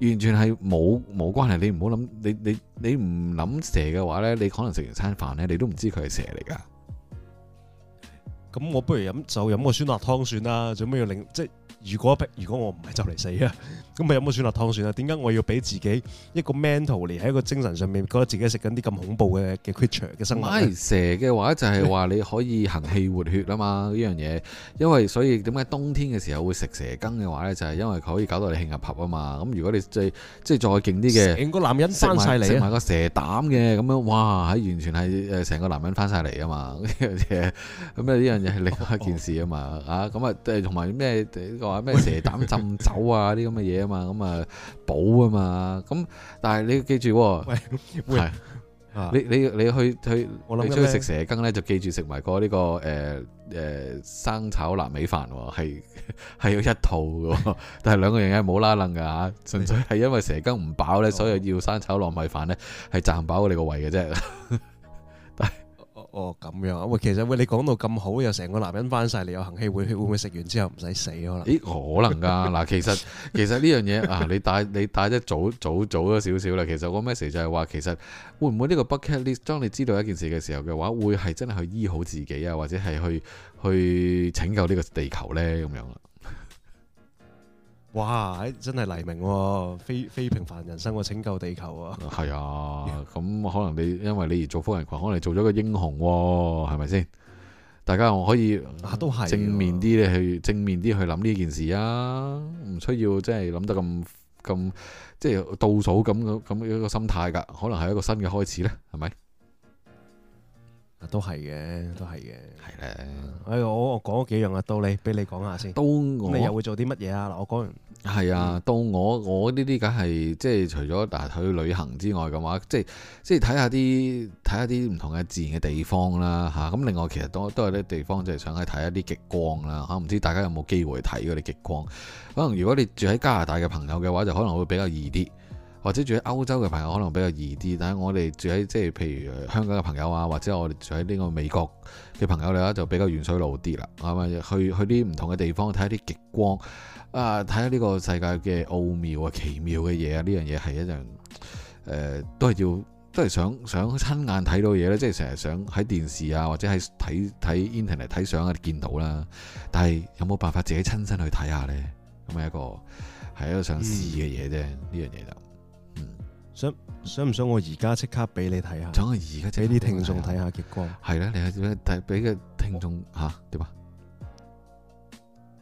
完全係冇冇關係。你唔好諗，你你你唔諗蛇嘅話呢，你可能食完餐飯呢，你都唔知佢係蛇嚟噶。咁我不如飲就飲個酸辣湯算啦，做咩要令即係如果如果我唔係就嚟死啊，咁咪飲個酸辣湯算啦？點解我要俾自己一個 mental 嚟喺一個精神上面覺得自己食緊啲咁恐怖嘅嘅 creature 嘅生物？買蛇嘅話就係話你可以行氣活血啊嘛呢樣嘢， 因為所以點解冬天嘅時候會食蛇羹嘅話咧，就係、是、因為佢可以搞到你興入脈啊嘛。咁如果你最即係再勁啲嘅，成個男人翻晒嚟，食個蛇膽嘅咁樣，哇！係完全係誒成個男人翻晒嚟啊嘛，咁 咁樣嘅咁啊啲人。又係另外一件事啊嘛，啊咁啊，同埋咩呢個咩蛇膽浸酒啊啲咁嘅嘢啊嘛，咁啊補啊嘛，咁但係你要記住喎， 你你你去去， 你出去食蛇羹咧，就記住食埋、這個呢個誒誒生炒糯米飯，係係要一套嘅，但係兩個人係冇拉楞噶吓，純、啊、粹係因為蛇羹唔飽咧，所以要生炒糯米飯咧係賺飽我哋個胃嘅啫。 哦，咁樣喂，其實喂，你講到咁好又成個男人翻晒，你有恒氣會會唔會食完之後唔使死可能？咦，可能噶嗱， 其實其實呢樣嘢啊，你帶你帶得早早早咗少少啦。其實我個 message 就係話，其實會唔會呢個 bucket list，當你知道一件事嘅時候嘅話，會係真係去醫好自己啊，或者係去去拯救呢個地球呢？咁樣哇！欸、真係黎明、啊，非非平凡人生，我拯救地球啊！係啊，咁、啊 嗯、可能你因為你而做福人群，可能你做咗個英雄、啊，係咪先？大家我可以都係正面啲去，啊啊、去正面啲去諗呢件事啊，唔需要即係諗得咁咁即係倒數咁咁咁一個心態㗎，可能係一個新嘅開始呢，係咪？都係嘅，都係嘅，係咧的。哎，我我講嗰幾樣嘅道我理俾你講下先。都我你又會做啲乜嘢啊？我講完。係啊、嗯，到我我呢啲梗係即係除咗去旅行之外嘅話，即係即係睇下啲睇下啲唔同嘅自然嘅地方啦嚇。咁另外其實都都係啲地方就係想去睇一啲極光啦嚇。唔、啊、知大家有冇機會睇嗰啲極光？可能如果你住喺加拿大嘅朋友嘅話，就可能會比較易啲。或者住喺歐洲嘅朋友可能比較易啲，但係我哋住喺即係譬如香港嘅朋友啊，或者我哋住喺呢個美國嘅朋友嚟啦，就比較遠水路啲啦。係咪去去啲唔同嘅地方睇下啲極光啊，睇下呢個世界嘅奧妙啊、奇妙嘅嘢啊？呢樣嘢係一樣誒、呃，都係要都係想想親眼睇到嘢咧。即係成日想喺電視啊，或者喺睇睇 Internet 睇相啊，見到啦。但係有冇辦法自己親身去睇下呢？咁係一個係一個想試嘅嘢啫。呢樣嘢就～想想唔想我而家即刻俾你睇下？想我看看啊！而家俾啲聽眾睇下極光。係啦、欸，你睇睇俾個聽眾吓點啊？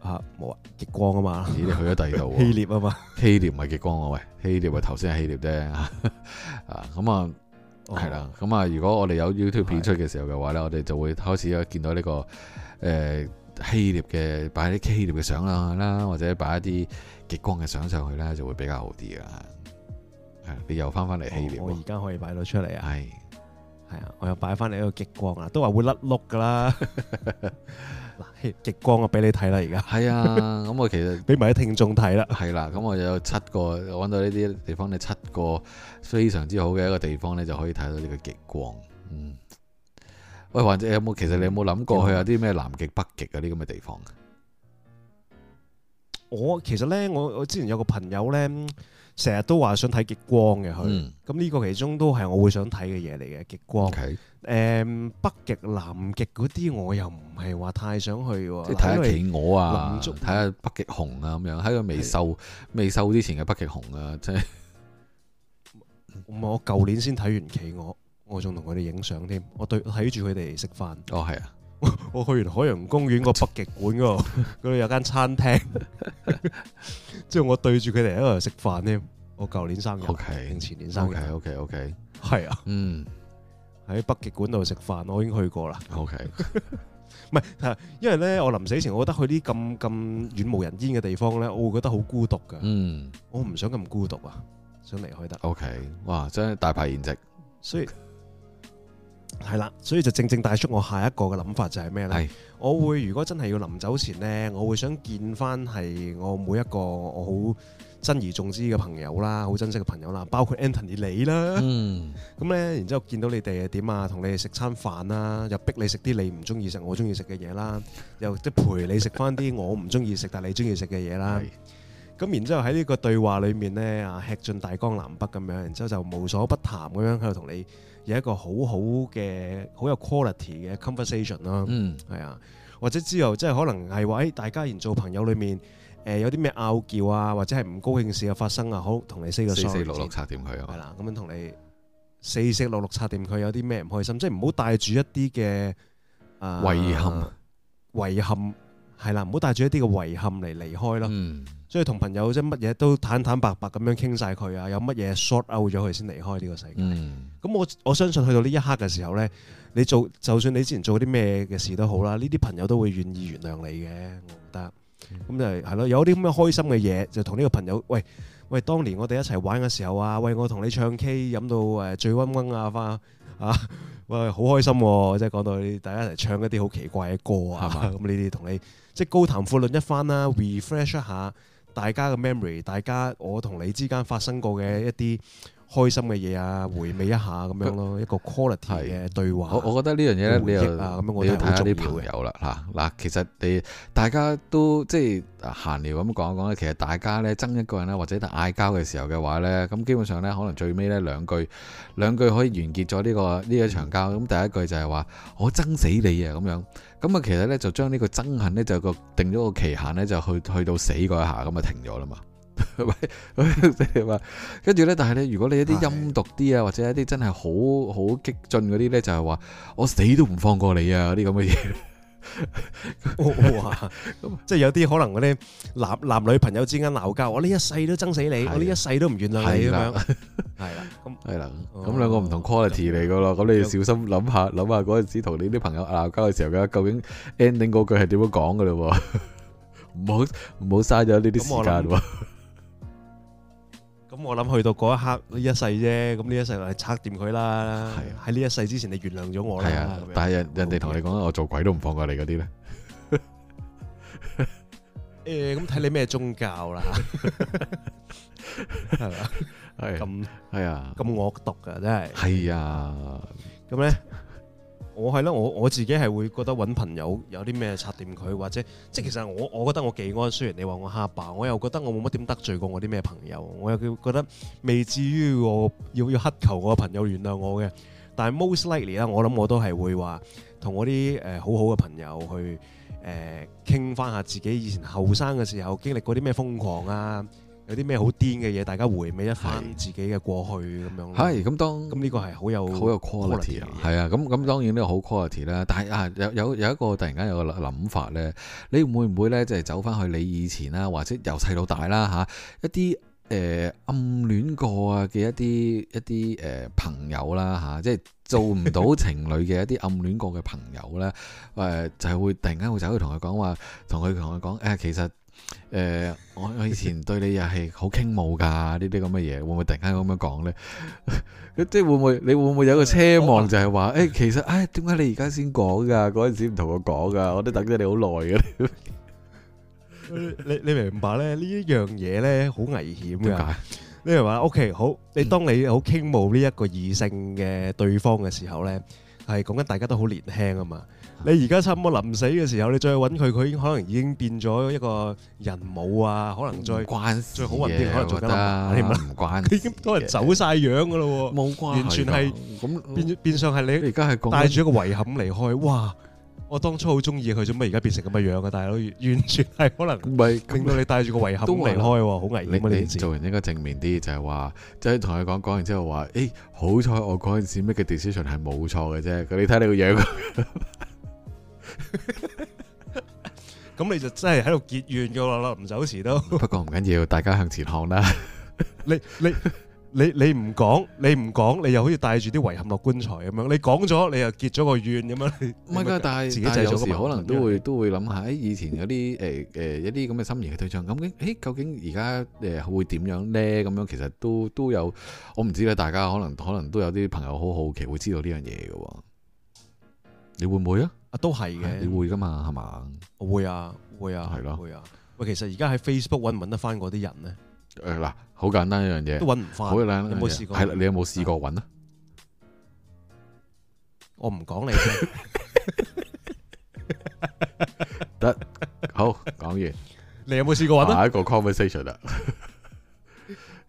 吓，冇啊！極光啊嘛。咦？去咗第二度？希臘 啊嘛。希臘唔係極光啊喂！希臘啊頭先係希臘啫。啊咁啊，係啦。咁啊，如果我哋有 YouTube 片出嘅時候嘅話咧，的我哋就會開始啊見到呢、這個誒、呃、希臘嘅擺啲希臘嘅相上啦，或者擺一啲極光嘅相上去咧，就會比較好啲噶。你又翻翻嚟，我而家可以擺到出嚟啊！係係是啊，我又擺翻嚟一個極光， 極光啊，都話會甩碌噶啦。嗱，極光我俾你睇啦，而家係啊。咁我其實俾埋啲聽眾睇啦，係啦、啊。咁我有七個，搵到呢啲地方，你七個非常之好嘅一個地方咧，就可以睇到呢個極光。嗯，喂，或者有冇？其實你有冇諗過去有啲咩南極、北極啊？啲咁嘅地方啊、嗯？我其實咧，我我之前有個朋友咧。成日都話想睇極光嘅佢，咁呢、嗯、個其中都係我會想睇嘅嘢嚟嘅極光。誒 Okay.、嗯，北極、南極嗰啲我又唔係話太想去喎。即睇下企鵝啊，睇下北極熊啊咁樣，喺個未收的未收之前嘅北極熊啊，真係。我舊年先睇完企鵝，我仲同佢哋影相添，我對睇住佢哋食飯。哦，係啊。我去完海洋公園個北極館嗰度，嗰度有間餐廳，即係 我對住佢哋喺度食飯添。我舊年生日，OK，前年生日，OK，OK，okay, okay，係啊，嗯，喺北極館度食飯，我已經去過啦。OK，唔係，因為咧，我臨死前，我覺得去啲咁咁遠無人煙嘅地方咧，我會覺得好孤獨噶。嗯，我唔想咁孤獨啊，想離開得。OK，哇，真係大派筵席。所以。係啦，所以就正正帶出我下一個嘅諗法就係咩呢？是我會如果真係要臨走前呢，我會想見翻係我每一個我好珍而重之嘅朋友啦，好珍惜嘅朋友啦，包括 Anthony 你啦。咁、嗯、呢，然之後見到你哋點啊？同你哋食餐飯啦，又逼你食啲你唔中意食我中意食嘅嘢啦，又即係陪你食翻啲我唔中意食但你中意食嘅嘢啦。咁是然之後喺呢個對話裡面呢，啊，吃盡大江南北咁樣，然之後就無所不談咁樣喺度同你。有一個好好嘅、好有 quality 嘅 conversation 啦、嗯，係啊，或者之後即係可能係話大家而做朋友裏面誒、呃、有啲咩拗撬啊，或者係唔高興事嘅發生啊，好同你四個四四六六插掂佢係啦。咁、啊、樣同你四四六六插掂佢有啲咩唔開心，即係唔好帶住一啲嘅、呃、遺憾，遺憾。係啦，唔好帶住一啲嘅遺憾嚟離開咯。嗯、所以同朋友即係乜嘢都坦坦白白咁樣傾晒佢啊，有乜嘢 short out 咗佢先離開呢個世界。咁、嗯、我我相信去到呢一刻嘅時候呢，你做就算你之前做啲咩嘅事都好啦，呢啲朋友都會願意原諒你嘅。我覺得咁就係係咯，有啲咁嘅開心嘅嘢就同呢個朋友，喂喂，當年我哋一齊玩嘅時候啊，喂，我同你唱 K 飲到誒醉醺醺啊，啊，啊，喂，好開心、啊，即係講到大家一齊唱一啲好奇怪嘅歌啊，咁呢啲同你。即係高談闊論一番啦，refresh 一下大家嘅 memory，大家我同你之間發生過嘅一啲開心嘅嘢啊，回味一下咁、嗯、樣咯，一個 quality 嘅對話。我我覺得呢樣嘢咧，憶你啊咁樣，我哋睇咗啲朋友啦嚇嗱。其實你大家都即係閒聊咁講一講咧，其實大家咧憎一個人咧，或者嗌交嘅時候嘅話咧，咁基本上咧可能最尾咧兩句兩句可以完結咗呢、呢個呢一場交。咁第一句就係話我憎死你啊咁樣。咁啊，其實咧就將呢個憎恨咧就個定咗個期限咧，就去去到死嗰一下，咁啊停咗啦嘛。係咪？跟住咧，但係咧，如果你一啲陰毒啲啊，或者一啲真係好好激進嗰啲咧，就係話我死都唔放過你啊嗰啲咁嘅嘢。 哦、哇！即係有啲可能嗰啲男男女朋友之間鬧交，我呢一世都憎死你，的我呢一世都唔原諒你咁的樣。係啦的，咁係啦，咁兩的、哦、個唔同 quality 嚟噶咯。咁你要小心諗下諗下嗰陣時同你啲朋友鬧交嘅時候，噶究竟 ending 嗰句係點樣講噶咯？唔好唔好嘥咗呢啲時間喎。咁我諗去到嗰一刻呢一世啫，咁呢一世就係拆掂佢啦。係喺呢一世之前，你原諒咗我啦。係啊，但係人，人哋同你講，我做鬼都唔放過你嗰啲咧。誒，咁睇你咩宗教啦？係嘛，係咁，係啊，咁惡毒噶真係。係啊，咁咧。我係咯，我我自己係會覺得揾朋友有啲咩擦掂佢，或者即係其實我我覺得我幾安，雖然你話我蝦霸，我又覺得我冇乜點得罪過我啲咩朋友，我又覺得未至於我要要乞求我朋友原諒我嘅。但係 most likely 啦，我諗我都係會話同我啲誒、呃、好好嘅朋友去誒傾翻下自己以前後生嘅時候經歷過啲咩瘋狂啊～有啲咩好癲嘅嘢，大家回味一下自己嘅過去咁、嗯、樣。係咁、嗯，樣當咁呢個係好有好有 quality，有 quality 啊。係啊，咁咁當然呢個好 quality 啦。但係啊，有有有一個突然間有個諗法咧，你會唔會咧即係走翻去你以前啦，或者由細到大啦嚇，一啲誒、呃、暗戀過啊嘅一啲一啲誒、呃、朋友啦嚇、啊，即係做唔到情侶嘅一啲暗戀過嘅朋友咧，誒 就係會突然間會走去同佢講話，同佢同佢講誒其實。誒，我、呃、我以前對你又係好傾慕噶，呢啲咁嘅嘢，會唔會突然間咁樣講呢？ 即係會唔會你會唔會有個奢望就，就係話誒，其實誒，點、哎、解你而家先講噶？嗰陣時唔同我講噶，我都等咗你好耐嘅。 你你明白咧？呢一樣嘢呢？好危險嘅。你明話啦，O K，好，你當你好傾慕呢一個異性嘅對方嘅時候呢，係講緊大家都好年輕啊嘛。你而家差唔多臨死嘅時候，你再揾佢，佢已經可能已經變咗一個人模啊，可能再最好運啲，可能做緊啲乜嘢，唔關。佢已經可能走曬樣嘅咯，完全係咁變，變相係你而家係帶住一個遺憾離開。哇！我當初好中意佢，做乜而家變成咁嘅樣啊？大佬，但係都完全係可能，唔係令到你帶住個遺憾都離開喎，好危險啊！你做人應該正面啲，就係話即係同佢講，講完之後話，誒，好彩我嗰陣時咩嘅 decision 係冇錯嘅啫，你睇你個樣。咁 你就真係喺度結怨噶啦，臨走時都。不過唔緊要，大家向前看啦。 你你你你唔講，你唔講，你又好似帶住啲遺憾落棺材咁樣。你講咗，你又結咗個怨咁樣。唔係噶，但係但係有時可能都會都會諗下、欸，以前嗰啲誒誒一啲咁嘅心儀嘅對象。咁誒究竟而家誒會點樣咧？咁樣其實都都有，我唔知咧。大家可能可能都有啲朋友好好奇會知道呢樣嘢嘅。你會唔會啊？啊，都係嘅，啊，你會噶嘛？係嘛，哦？我會啊，會啊，係咯的，會啊。喂，其實而家喺 Facebook 搵唔搵得翻嗰啲人咧？誒，嗱，好簡單一樣嘢，都搵唔翻。好簡單，有冇試過？係啦，你有冇試過搵啊？我唔講你，得， 好，講完。你有冇試過搵啊？下一個 conversation 啦，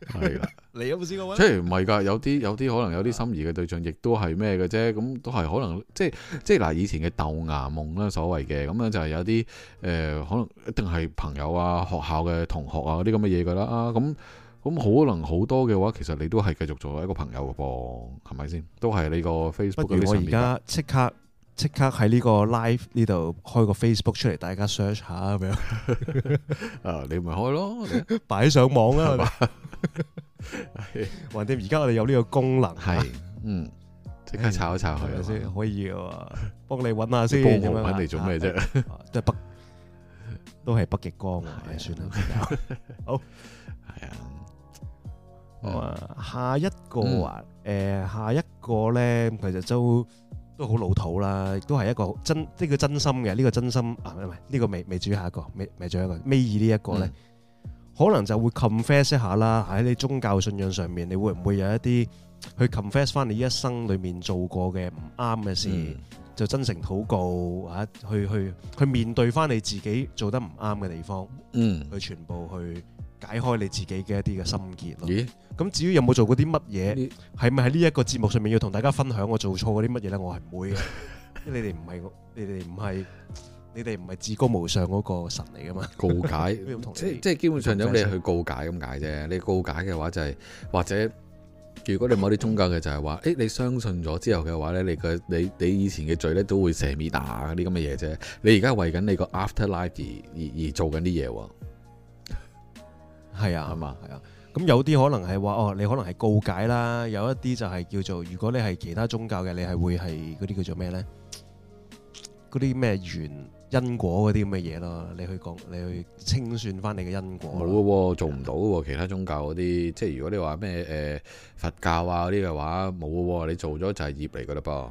係 啦。你有冇試過即係唔係噶？有啲有啲可能有啲心儀嘅對象，亦都係咩嘅啫？咁都係可能，即係即係嗱，以前嘅豆芽夢啦，所謂嘅咁咧，樣就係有啲誒、呃，可能一定係朋友啊，學校嘅同學啊，嗰啲咁嘅嘢噶啦。咁咁可能好多嘅話，其實你都係繼續做一個朋友嘅噃，係咪先？都係你個 Facebook 嗰啲。不如我而家即刻即刻喺呢個 live 呢度開個 Facebook 出嚟，大家 search 下咁樣。啊， 你咪開咯，擺 上網啦。吧 橫掂，而家我哋有呢個功能，係嗯，即刻炒一炒佢，係咪先？可以啊，幫你搵下先咁樣。搵嚟做咩啫？都係北，都係北極光。唉，算啦。好，係啊。好啊，下一個啊，誒，下一個咧，其實都都好老土啦，都係一個真，呢個真心嘅，呢個真心啊，唔係，呢個未未，最下一個，未未，最一個，尾二呢一個咧。可能就會 confess 一下啦，喺你宗教信仰上面，你會唔會有一啲去 confess 翻你一生裏面做過嘅唔啱嘅事，就真誠禱告吓，去去去面對翻你自己做得唔啱嘅地方，嗯，去全部去解開你自己嘅一啲嘅心結咯。咦？咁至於有冇做過啲乜嘢，係咪喺呢一個節目上面要同大家分享我做錯嗰啲乜嘢咧？我係唔會嘅，你哋唔係，你哋唔係。你哋唔係至高無上嗰個神嚟噶嘛？告解，即即係基本上咁你去告解咁解啫。你告解嘅話就係、是、或者，如果你某啲宗教嘅就係話，誒你相信咗之後嘅話咧，你嘅你你以前嘅罪咧都會赦免啊啲咁嘅嘢啫。你而家為緊你個 afterlife 而而，而做緊啲嘢喎。係啊，係嘛吧，係啊。咁有啲可能係話哦，你可能係告解啦。有一啲就係叫做，如果你係其他宗教嘅，你係會係嗰啲叫做咩咧？嗰啲咩原？因果嗰啲咁嘅嘢咯，你去講，你去清算翻你嘅因果。冇喎，做唔到喎。的其他宗教嗰啲，即係如果你話咩誒佛教啊嗰啲嘅話，冇喎。你做咗就係業嚟嘅嘞噃。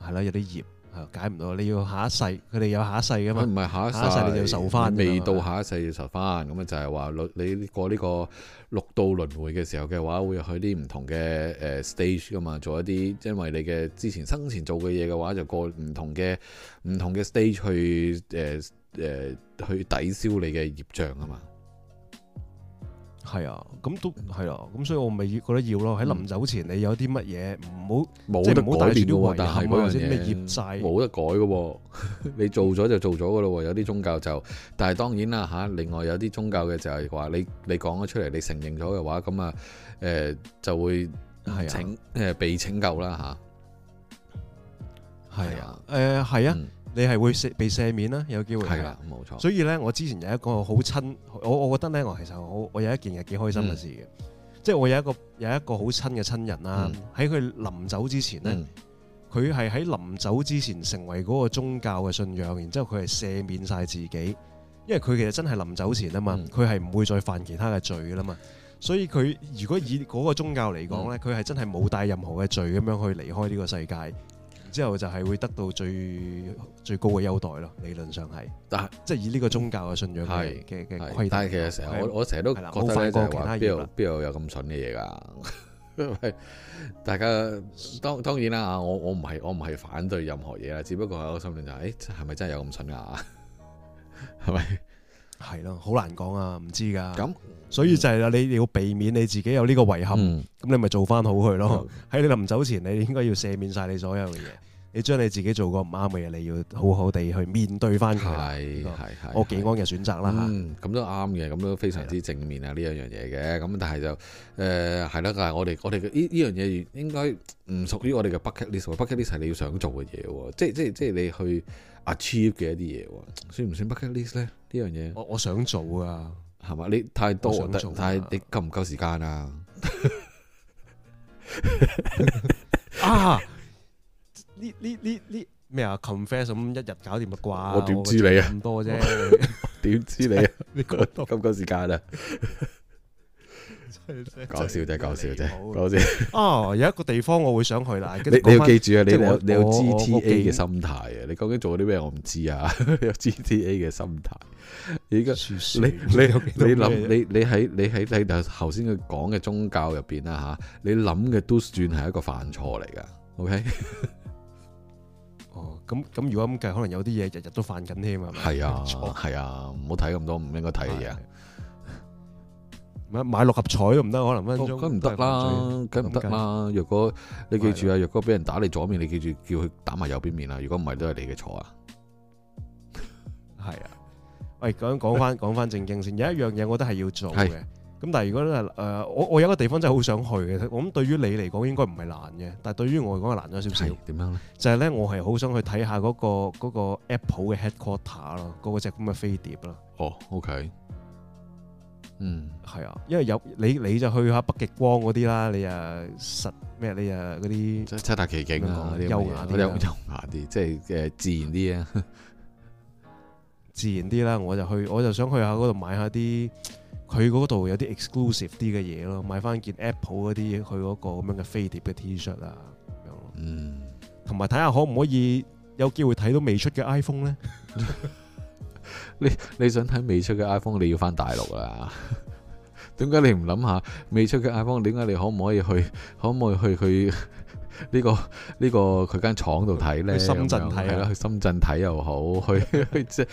係 啦， 有啲業。解唔到，你要下一世，佢哋有下一世噶嘛？唔係、啊，下一世，下一世你就要受翻。未到下一世要受翻，咁啊就係話，你過呢個六道輪迴嘅時候嘅話，會去啲唔同嘅誒 stage 噶嘛，做一啲，因為你嘅之前生前做嘅嘢嘅話，就過唔同嘅唔、嗯、同嘅 stage 去誒誒、呃、去抵消你嘅業障啊嘛。係啊，咁都係啊，咁所以我咪要覺得要咯。喺、嗯、臨走前，你有啲乜嘢唔好，即係唔好帶住啲遺言啊，或者咩業債。冇得改嘅， 你做咗就做咗嘅咯。有啲宗教就，但係當然啦嚇。另外有啲宗教嘅就係、是、話你，你講咗出嚟，你承認咗嘅話，咁啊誒就會係請誒、啊、被拯救啦吓，係啊，誒係啊。嗯呃你係會被赦免啦，有機會嘅。係啦，冇錯。所以咧，我之前有一個好親，我我覺得咧，我其實我我有一件嘢幾開心嘅事嘅，嗯、即係我有一個有一個好親嘅親人啦。喺佢、嗯、臨走之前呢，佢係喺臨走之前成為嗰個宗教嘅信仰，然之後佢係赦免晒自己，因為佢其實真係臨走前啊嘛，佢係唔會再犯其他嘅罪噶啦嘛。所以佢如果以嗰個宗教嚟講咧，佢係、嗯、真係冇帶任何嘅罪咁樣去離開呢個世界。之後就係會得到最最高嘅優待咯，理論上係。但係是即係以呢個宗教嘅信仰嘅嘅嘅規定，其實成日我、嗯、我成日都覺得咧就係話，邊度邊度有咁蠢嘅嘢噶？ 大家當當然啦，我我唔係我唔係反對任何嘢啊，只不過係我心諗就係、是，誒係咪真係有咁蠢噶？係咪？係咯，好難講啊，唔 是、啊、知噶。咁那所以就係啦，你要避免你自己有呢個遺憾，咁你咪做翻好佢咯。喺你臨走前，你應該要赦免晒你所有嘅嘢。你將你自己做過唔啱嘅嘢，你要好好地去面對翻佢。係係係，我幾安嘅選擇啦，咁都啱嘅，咁都非常之正面啊。呢樣嘢嘅。咁但係就誒係啦，但係我哋我哋嘅呢呢樣嘢應該唔屬於我哋嘅 bucket list 喎。bucket list 係你要想做嘅嘢喎，即即即你去 achieve 嘅一啲嘢喎，算唔算 bucket list 咧？呢樣嘢我我想做啊，係嘛？你太多，但係你夠唔夠時間啊？啊！呢呢呢呢咩啊？Confess 咁一日搞掂乜啩？我點知你啊？咁多啫？點知你啊？咁多？咁趕時間啦！搞笑真係搞笑啫！搞笑啫！哦，有一個地方我會想去啦。你你要記住啊！你你有 GTA 嘅心態啊！你究竟做咗啲咩？我唔知啊！有 GTA 嘅心態。而家你你你諗你你喺你喺喺頭先嘅講嘅宗教入邊啦吓，你諗嘅都算係一個犯錯嚟噶。OK。哦，咁咁如果咁計，可能有啲嘢日日都犯緊添啊嘛，係啊，係啊，唔好睇咁多唔應該睇嘅嘢。買買六合彩都唔得，可能分分鐘，梗唔得啦，梗唔得啦。若果你記住啊，若果俾人打你左面，你記住叫佢打埋右邊面啊。如果唔係，都係你嘅錯啊。係啊，喂，咁樣講返講返正經先，有一樣嘢，我覺得係要做嘅。咁但係如果咧，誒、呃，我我有個地方真係好想去嘅，我諗對於你嚟講應該唔係難嘅，但係對於我嚟講係難咗少少。係點樣咧？就係咧，我係好想去睇下嗰、嗰個 Apple 嘅 headquarter 咯，嗰、嗰個隻咁嘅飛碟啦。哦，OK，嗯，係啊，因為有你，你就去下北極光嗰啲啦，你啊實咩，你啊嗰啲七大奇景啲，些些優雅啲、啊，優優雅啲，即係誒自然啲啊， 自然啲啦，我就去，我就想去下嗰度買一下啲。佢嗰度有啲 exclusive 啲嘅嘢咯，買翻件 Apple 嗰啲佢嗰個咁樣嘅飛碟嘅 T-shirt 啊，咁樣咯。嗯，同埋睇下可唔可以有機會睇到未出嘅 iPhone 呢？ 你你想睇未出嘅 iPhone，你要翻大陸啦。點 解 你唔諗下未出嘅 iPhone？點解你可唔可以去？可唔可以去去？這個這個、呢個呢個佢間廠度睇咧，去深圳睇啊，係啦，去深圳睇又好，去 去即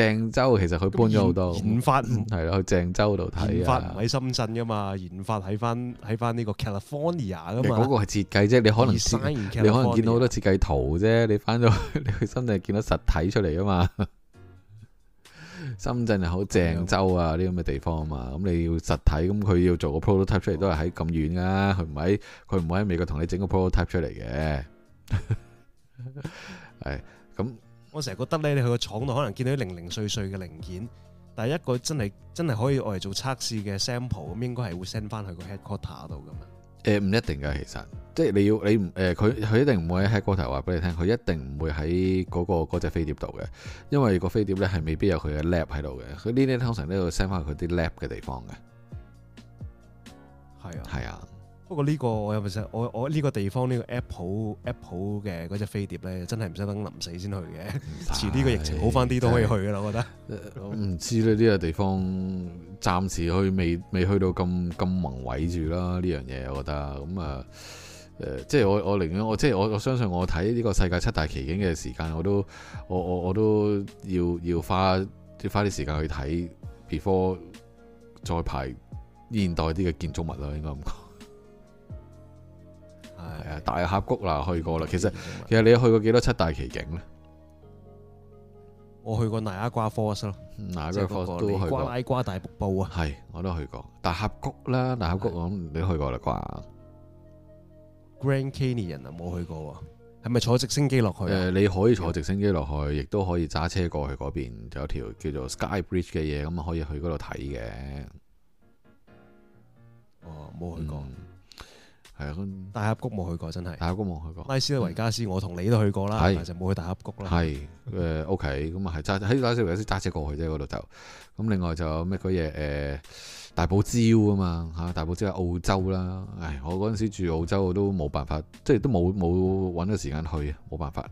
鄭州其實佢搬咗好多，研發係啦，去鄭州度睇啊，研發唔喺深圳噶嘛，研發喺翻喺翻呢個 California 噶嘛，嗰個係設計啫，你可能你可能見到好多設計圖啫，你翻咗你去深圳見到實體出嚟噶嘛。深圳又好，鄭州啊啲咁嘅地方啊嘛，咁你要實體，咁佢要做個 prototype 出嚟都係喺咁遠啊。佢唔喺佢唔會喺美國同你整個 prototype 出嚟嘅。係、 哎，咁我成日覺得咧，你去個廠度可能見到啲零零碎碎嘅零件，但係一個真係真係可以我嚟做測試嘅 sample，咁應該係會 send 翻去個 headquarter 嗰度噶嘛。誒唔、呃、一定嘅其實，即係你要你唔誒佢佢一定唔會喺嗰頭話俾你聽，佢一定唔會喺、嗰個嗰隻飛碟度嘅，因為個飛碟咧係未必有佢嘅 lab 喺度嘅，佢呢啲通常都要 send 翻佢啲 lab 嘅地方嘅，係啊，係啊。不過呢個我又咪想，我我呢個地方呢個 Apple Apple 嘅嗰隻飛碟咧，真係唔使等臨死先去嘅，遲啲是個疫情好翻啲都可以去嘅啦。我覺得，唔知咧呢個地方，暫時去未未去到咁咁矇詐住啦。呢樣嘢我覺得咁啊，誒，即係我我寧願我即係我我相信我睇呢個世界七大奇景嘅時間，我都我我我都要要花即花啲時間去睇 Before 再排現代啲嘅建築物啦，應該咁講。係啊，大峽谷啦，去過啦。其實、嗯、其實你去過幾多七大奇景咧？我去過奈加瓜 Falls 咯，奈加瓜都去過。奈加瓜大瀑布啊，係、呃、我都去過。大峽谷啦，大峽谷我諗你去過啦啩？Grand Canyon 啊，冇去過喎。係咪坐直升機落去？啊？誒、呃，你可以坐直升機落去，亦都可以揸車過去嗰邊就有條叫做 Sky Bridge 嘅嘢，咁啊可以去嗰度睇嘅。哦，冇去過。嗯係啊，是大峽谷冇去過，真係。大峽谷冇去過。拉斯維加斯是我同你都去過啦，就冇是去大峽谷啦。係誒、呃、，OK，咁啊係，喺拉斯維加斯揸車過去啫，嗰度就。咁另外就有咩嗰嘢誒，大堡礁啊嘛吓，大堡礁係澳洲啦。唉、哎，我嗰陣時住澳洲，我都冇辦法，即係都冇冇搵到時間去，冇辦法。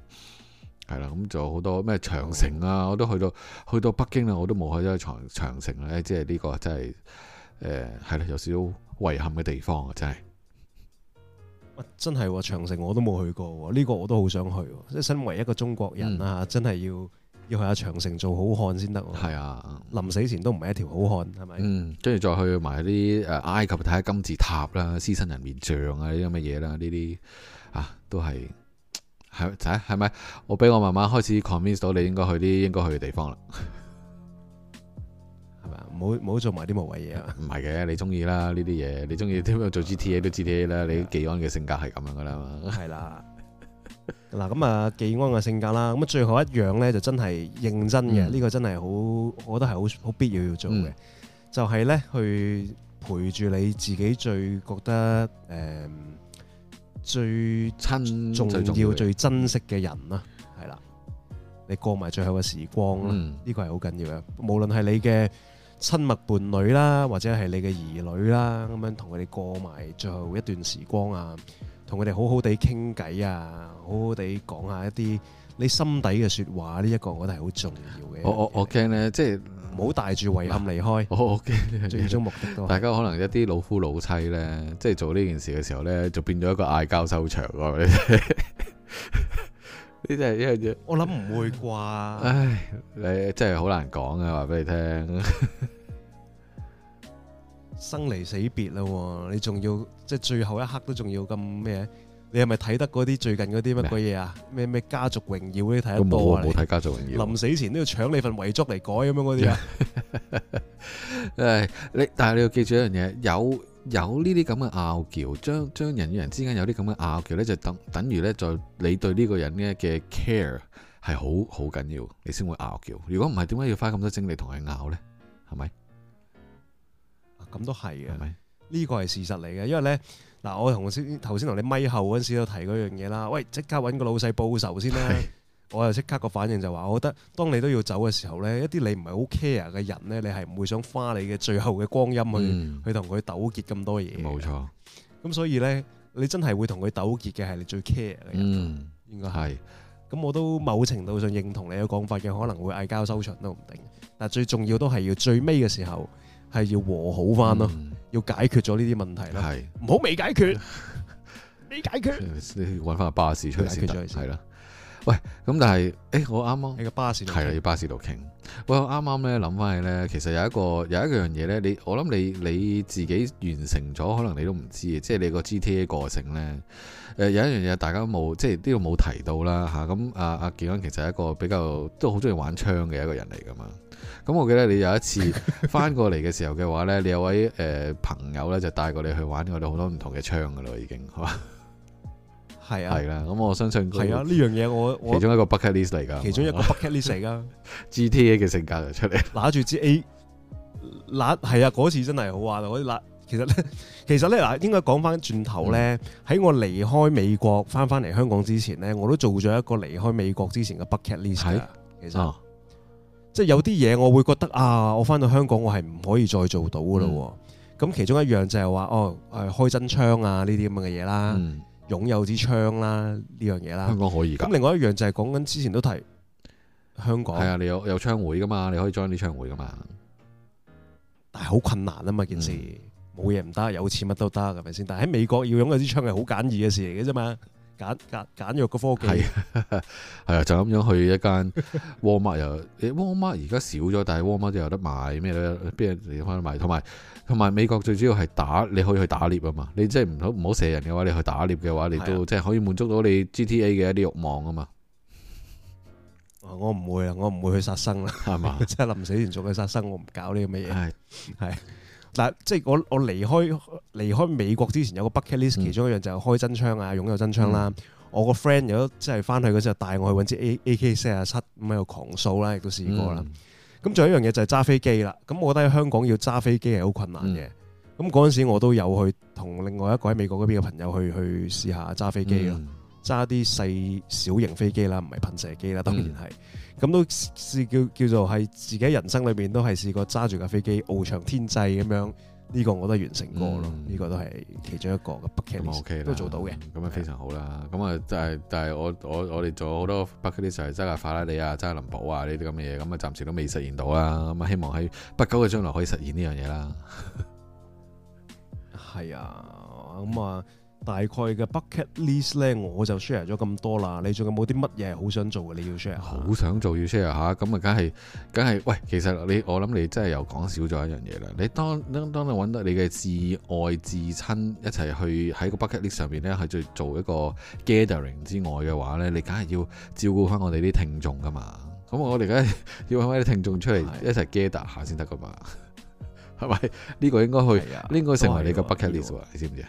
係啦、啊，咁就好多咩長城啊，我都去到去到北京啦，我都冇去咗長城啦。即係呢個真係誒係啦，有少少遺憾嘅地方啊，真係。真係喎，長城我都冇去過，呢、這個我都好想去。即係身為一個中國人啊，嗯、真係要要去下長城做好漢先得。係啊、嗯，臨死前都唔係一條好漢，係咪？嗯，跟住再去埋啲誒埃及睇下金字塔啦、獅身人面像啊呢啲咁嘅嘢啦，呢啲啊都係係係咪？我俾我慢慢開始 convince 到你應該去啲應該去嘅地方啦。唔好唔好做埋啲無謂嘢啊！唔係嘅，你中意啦呢啲嘢，你中意點樣做 G T A 都 G T A 啦。你技安嘅性格係咁樣噶啦，係啦嗱。咁啊，技安嘅性格啦，咁啊，最後一樣咧就真係認真嘅。呢個真係好，我覺得係好好必要要做嘅，就係咧去陪住你自己最覺得誒最親重要最珍惜嘅人啦。係啦，你過埋最後嘅時光啦，呢個係好緊要嘅。無論係你嘅。親密伴侶啦，或者係你嘅兒女啦，咁樣同佢哋過埋最後一段時光啊，同佢哋好好地傾偈啊，好好地講下一啲你心底嘅説話，呢一個我覺得係好重要嘅。我我我驚咧，即係唔好帶住遺憾離開。啊、我我驚係最終目的。大家可能一啲老夫老妻呢，即係做呢件事嘅時候呢，就變咗一個嗌交收場喎、啊。 呢啲係一樣嘢，我諗唔會啩。唉，你真係好難講啊！話俾你聽， 生離死別啦，你仲要即係最後一刻都仲要咁咩？你係咪睇得嗰啲最近嗰啲乜鬼嘢啊？咩咩麼家族榮耀嗰啲睇得冇？冇睇你家族榮耀，臨死前都要搶你份遺囑嚟改咁樣嗰啲啊！誒， 你但係你要記住一樣嘢，有。有呢啲咁嘅拗撬，將將人與人之間有啲咁嘅拗撬呢，就等等於呢，在你對呢個人嘅嘅 care 係好好緊要，你先會拗撬。如果唔係，點解要花咁多精力同佢拗呢？係咪？啊，咁都係嘅。係咪？呢個係事實嚟嘅，因為呢，嗱，我同先頭先同你咪後嗰陣時都提嗰樣嘢啦。喂，即刻揾個老細報仇先啦！我就即刻個反應就話，我覺得當你都要走嘅時候咧，一啲你唔係好 care 嘅人咧，你係唔會想花你嘅最後嘅光陰去去同佢糾結咁多嘢。冇錯。咁所以咧，你真係會同佢糾結嘅係你最 care 嘅人，應該係。咁我都某程度上認同你嘅講法嘅，可能會嗌交收場都唔定。但係最重要都係要最尾嘅時候係要和好翻咯，要解決咗呢啲問題啦。係。唔好未解決，未解決，你揾翻個巴士出嚟先得。係啦。喂，咁但係，誒、欸，我啱啱，喺個巴士度，係啊，巴士度傾。喂，我啱啱咧諗翻起咧，其實有一個有一樣嘢咧，我你我諗你你自己完成咗，可能你都唔知即係你個 GTA 過程咧，誒、呃，有一樣嘢大家冇，即係呢個冇提到啦吓。咁阿阿健安其實係一個比較都好中意玩槍嘅一個人嚟噶嘛。咁我記得你有一次翻過嚟嘅時候嘅話咧， 你有位誒、呃、朋友咧就帶過你去玩我哋好多唔同嘅槍噶咯，已經，係係啊，係啦，咁我相信係啊呢樣嘢，我我其中一個 bucket list 嚟噶，其中一個 bucket list 嚟噶。GTA 嘅性格就出嚟，拿住支 A，嗱，係啊嗰次真係好啊嗰啲拿，其實咧，其實咧嗱，應該講翻轉頭咧，喺我離開美國翻翻嚟香港之前咧，我都做咗一個離開美國之前嘅 bucket list。係，其實即係有啲嘢我會覺得啊，我翻到香港我係唔可以再做到噶啦，咁其中一樣就係話哦，誒開真槍啊呢啲咁嘅嘢啦。擁有支槍啦，呢樣嘢啦。香港可以㗎。咁另外一樣就係講緊之前都提香港。係啊，你有有槍會㗎嘛？你可以裝啲槍會㗎嘛？但係好困難啊嘛，件事冇嘢唔得，有錢乜都得，係咪先？但係喺美國要擁有支槍係好簡易嘅事嚟嘅啫嘛，簡簡簡，簡約嘅科技。係 啊，啊，就咁樣去一間 Walmart 又，你 Walmart 而家少咗，但係 Walmart 就有得賣咩咧？邊人嚟翻買，同埋。同埋美國最主要係打，你可以去打獵啊嘛！你即係唔好唔好射人嘅話，你去打獵嘅話，你都即係可以滿足到你 G T A 嘅一啲慾望啊嘛！我唔會啊，我唔會去殺生啦，係嘛嗎？即係臨死前做嘅殺生，我唔搞呢個咁嘅嘢。係係唉，但即係我我離開離開美國之前，有個 bucket list 其中一樣就係開真槍啊，嗯、擁有真槍啦。嗯、我個 friend 如果即係翻去嗰時候，帶我去揾支 A A K 四啊七咁樣狂掃啦，亦都試過啦。嗯。咁仲有一樣嘢就係揸飛機啦，咁我覺得喺香港要揸飛機係好困難嘅。咁嗰陣時我都有去同另外一個喺美國嗰邊嘅朋友去去試下揸飛機咯，揸啲細小型飛機啦，唔係噴射機啦，當然係。嗯咁都試叫叫做係自己人生裏邊都係試過揸住架飛機翱翔天際咁樣，呢、這個我都完成過咯。呢、嗯、個都係其中一個嘅 bucket list 都做到嘅，咁啊、嗯嗯嗯嗯、非常好啦。咁、嗯、啊，嗯、但係是但係我我我哋做有好多 bucket list 係揸架法拉利加加啊、揸林寶啊呢啲咁嘅嘢，咁啊暫時都未實現到啦。咁啊希望喺不久嘅將來可以實現呢樣嘢啦。係、嗯、 啊，咁、嗯、啊。嗯嗯大概嘅 bucket list 咧，我就 share 咗咁多啦。你仲有冇啲乜嘢好想做嘅？你要 share？好想做要 share 吓，咁啊，梗係，梗係。喂，其實你我諗你真係又講少咗一樣嘢啦。你當當你揾到你嘅至愛至親一齊去喺個 bucket list 上面咧，去做做一個 gathering 之外嘅話咧，你梗係要照顧翻我哋啲聽眾噶嘛。咁我哋而家要揾翻啲聽眾出嚟一齊 gather 下先得噶嘛？係咪的？呢、呢個應該去，的應該成為你嘅 bucket list 喎的？List, 你知唔知啊？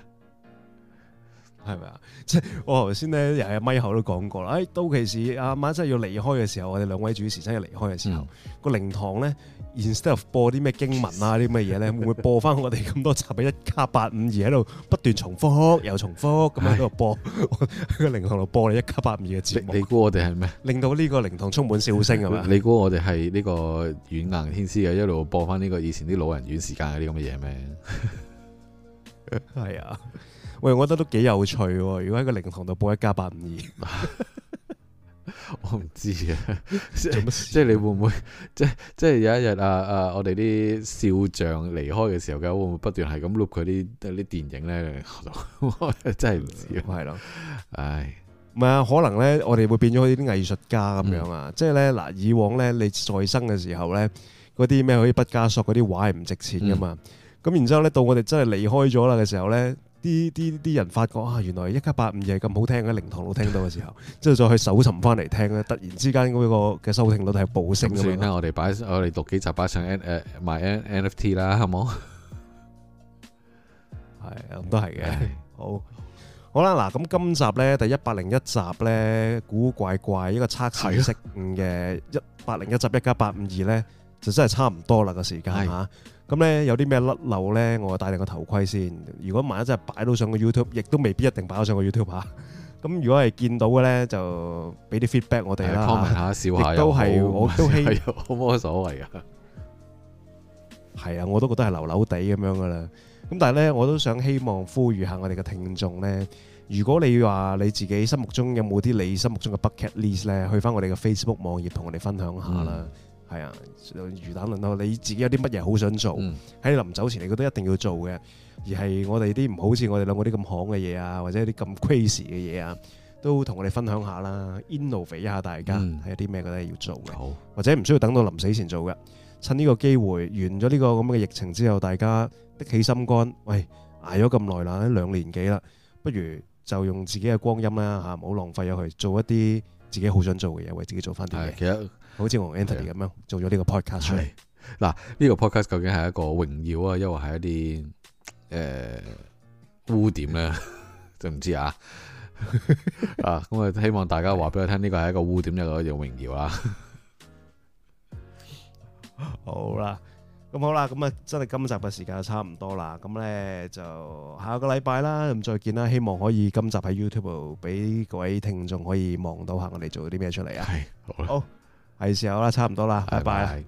係咪啊？即係我頭先咧，又喺咪口都講過啦。誒、哎，到其時阿媽真係要離開嘅時候，我哋兩位主持真係離開嘅時候，嗯、個靈堂咧，instead of 播啲咩經文啊，啲咩嘢咧，會唔會播翻我哋咁多集嘅一家八五二喺度不斷重複又重複咁樣喺度播？喺個靈堂度播你一家八五二嘅節目？你估我哋係咩？令到呢個靈堂充滿笑聲係咪？你估我哋係呢個軟硬天師嘅一路播翻呢個以前啲老人院時間嗰啲咁嘅嘢咩？係 啊。喂，我覺得都幾有趣喎！如果喺個靈堂度播一家八五二，我唔知啊。即即係你會唔會即即係有一日啊啊！我哋啲笑匠離開嘅時候，會唔會不斷係咁錄佢啲啲電影咧？ 我真係唔知，係咯、嗯。唉、哎，唔係啊，可能咧，我哋會變咗好似啲藝術家咁樣啊。嗯、即係咧嗱，以往咧你在生嘅時候咧，嗰啲咩可以畢加索嗰啲畫係唔值錢㗎嘛。咁、嗯、然之後咧，到我哋真係離開咗啦嘅時候咧。啲啲啲人發覺啊，原來一家八五二係咁好聽嘅，靈堂都聽到嘅時候，之後再去搜尋翻嚟聽咧，突然之間嗰個嘅收聽率係暴升咁樣啦。我哋擺我哋讀幾集擺上誒誒賣 N NFT 啦，好冇？係，都係嘅。好，好啦，嗱，咁今集咧，第一百零一集咧，古怪怪一個測試式嘅一百零一集一家八五二咧，就真係差唔多啦個時間吓。咁咧有啲咩甩漏咧，我帶定個頭盔先。如果萬一真係擺到上個 YouTube，亦都未必一定擺到上個 YouTube 嚇。咁如果係見到嘅咧，就俾啲 feedback 我哋啦嚇，笑下，亦都係我都希望冇乜所謂噶。係啊，我都覺得係流流地咁樣噶啦。咁但係咧，我都想希望呼籲下我哋嘅聽眾咧，如果你話你自己心目中有冇啲你心目中嘅 bucket list 咧，去翻我哋嘅 Facebook 網頁同我哋分享下啦。係啊，魚蛋論壇，你自己有啲乜嘢好想做？喺、嗯、臨走前你覺得一定要做嘅，而係我哋啲唔好，似我哋兩個啲咁行嘅嘢啊，或者啲咁 crazy 嘅嘢啊，都同我哋分享下啦，innovate 一下大家，係、嗯、有啲咩覺得要做嘅，好或者唔需要等到臨死前做嘅，趁呢個機會完咗呢個咁嘅疫情之後，大家的起心肝，喂，挨咗咁耐啦，兩年幾啦，不如就用自己嘅光陰啦嚇，唔、啊、好浪費咗去做一啲自己好想做嘅嘢，為自己做翻啲嘢。好似我 Anthony 咁樣 Okay. 做咗呢個 podcast 出嚟，嗱呢、啊這個 podcast 究竟係一個榮耀啊，抑或係一啲誒、呃、污點咧，就唔知啊。啊，咁啊，希望大家話俾我聽，呢個係一個污點，就是、一個用榮耀啊。 好啦，咁好啦，咁啊，真係今集嘅時間差唔多啦，咁咧就下個禮拜啦，咁再見啦，希望可以今集喺 YouTube 俾各位聽眾可以望到下我哋做咗啲咩出嚟啊。係好啦。Oh, 係時候啦，差唔多啦，吧拜拜。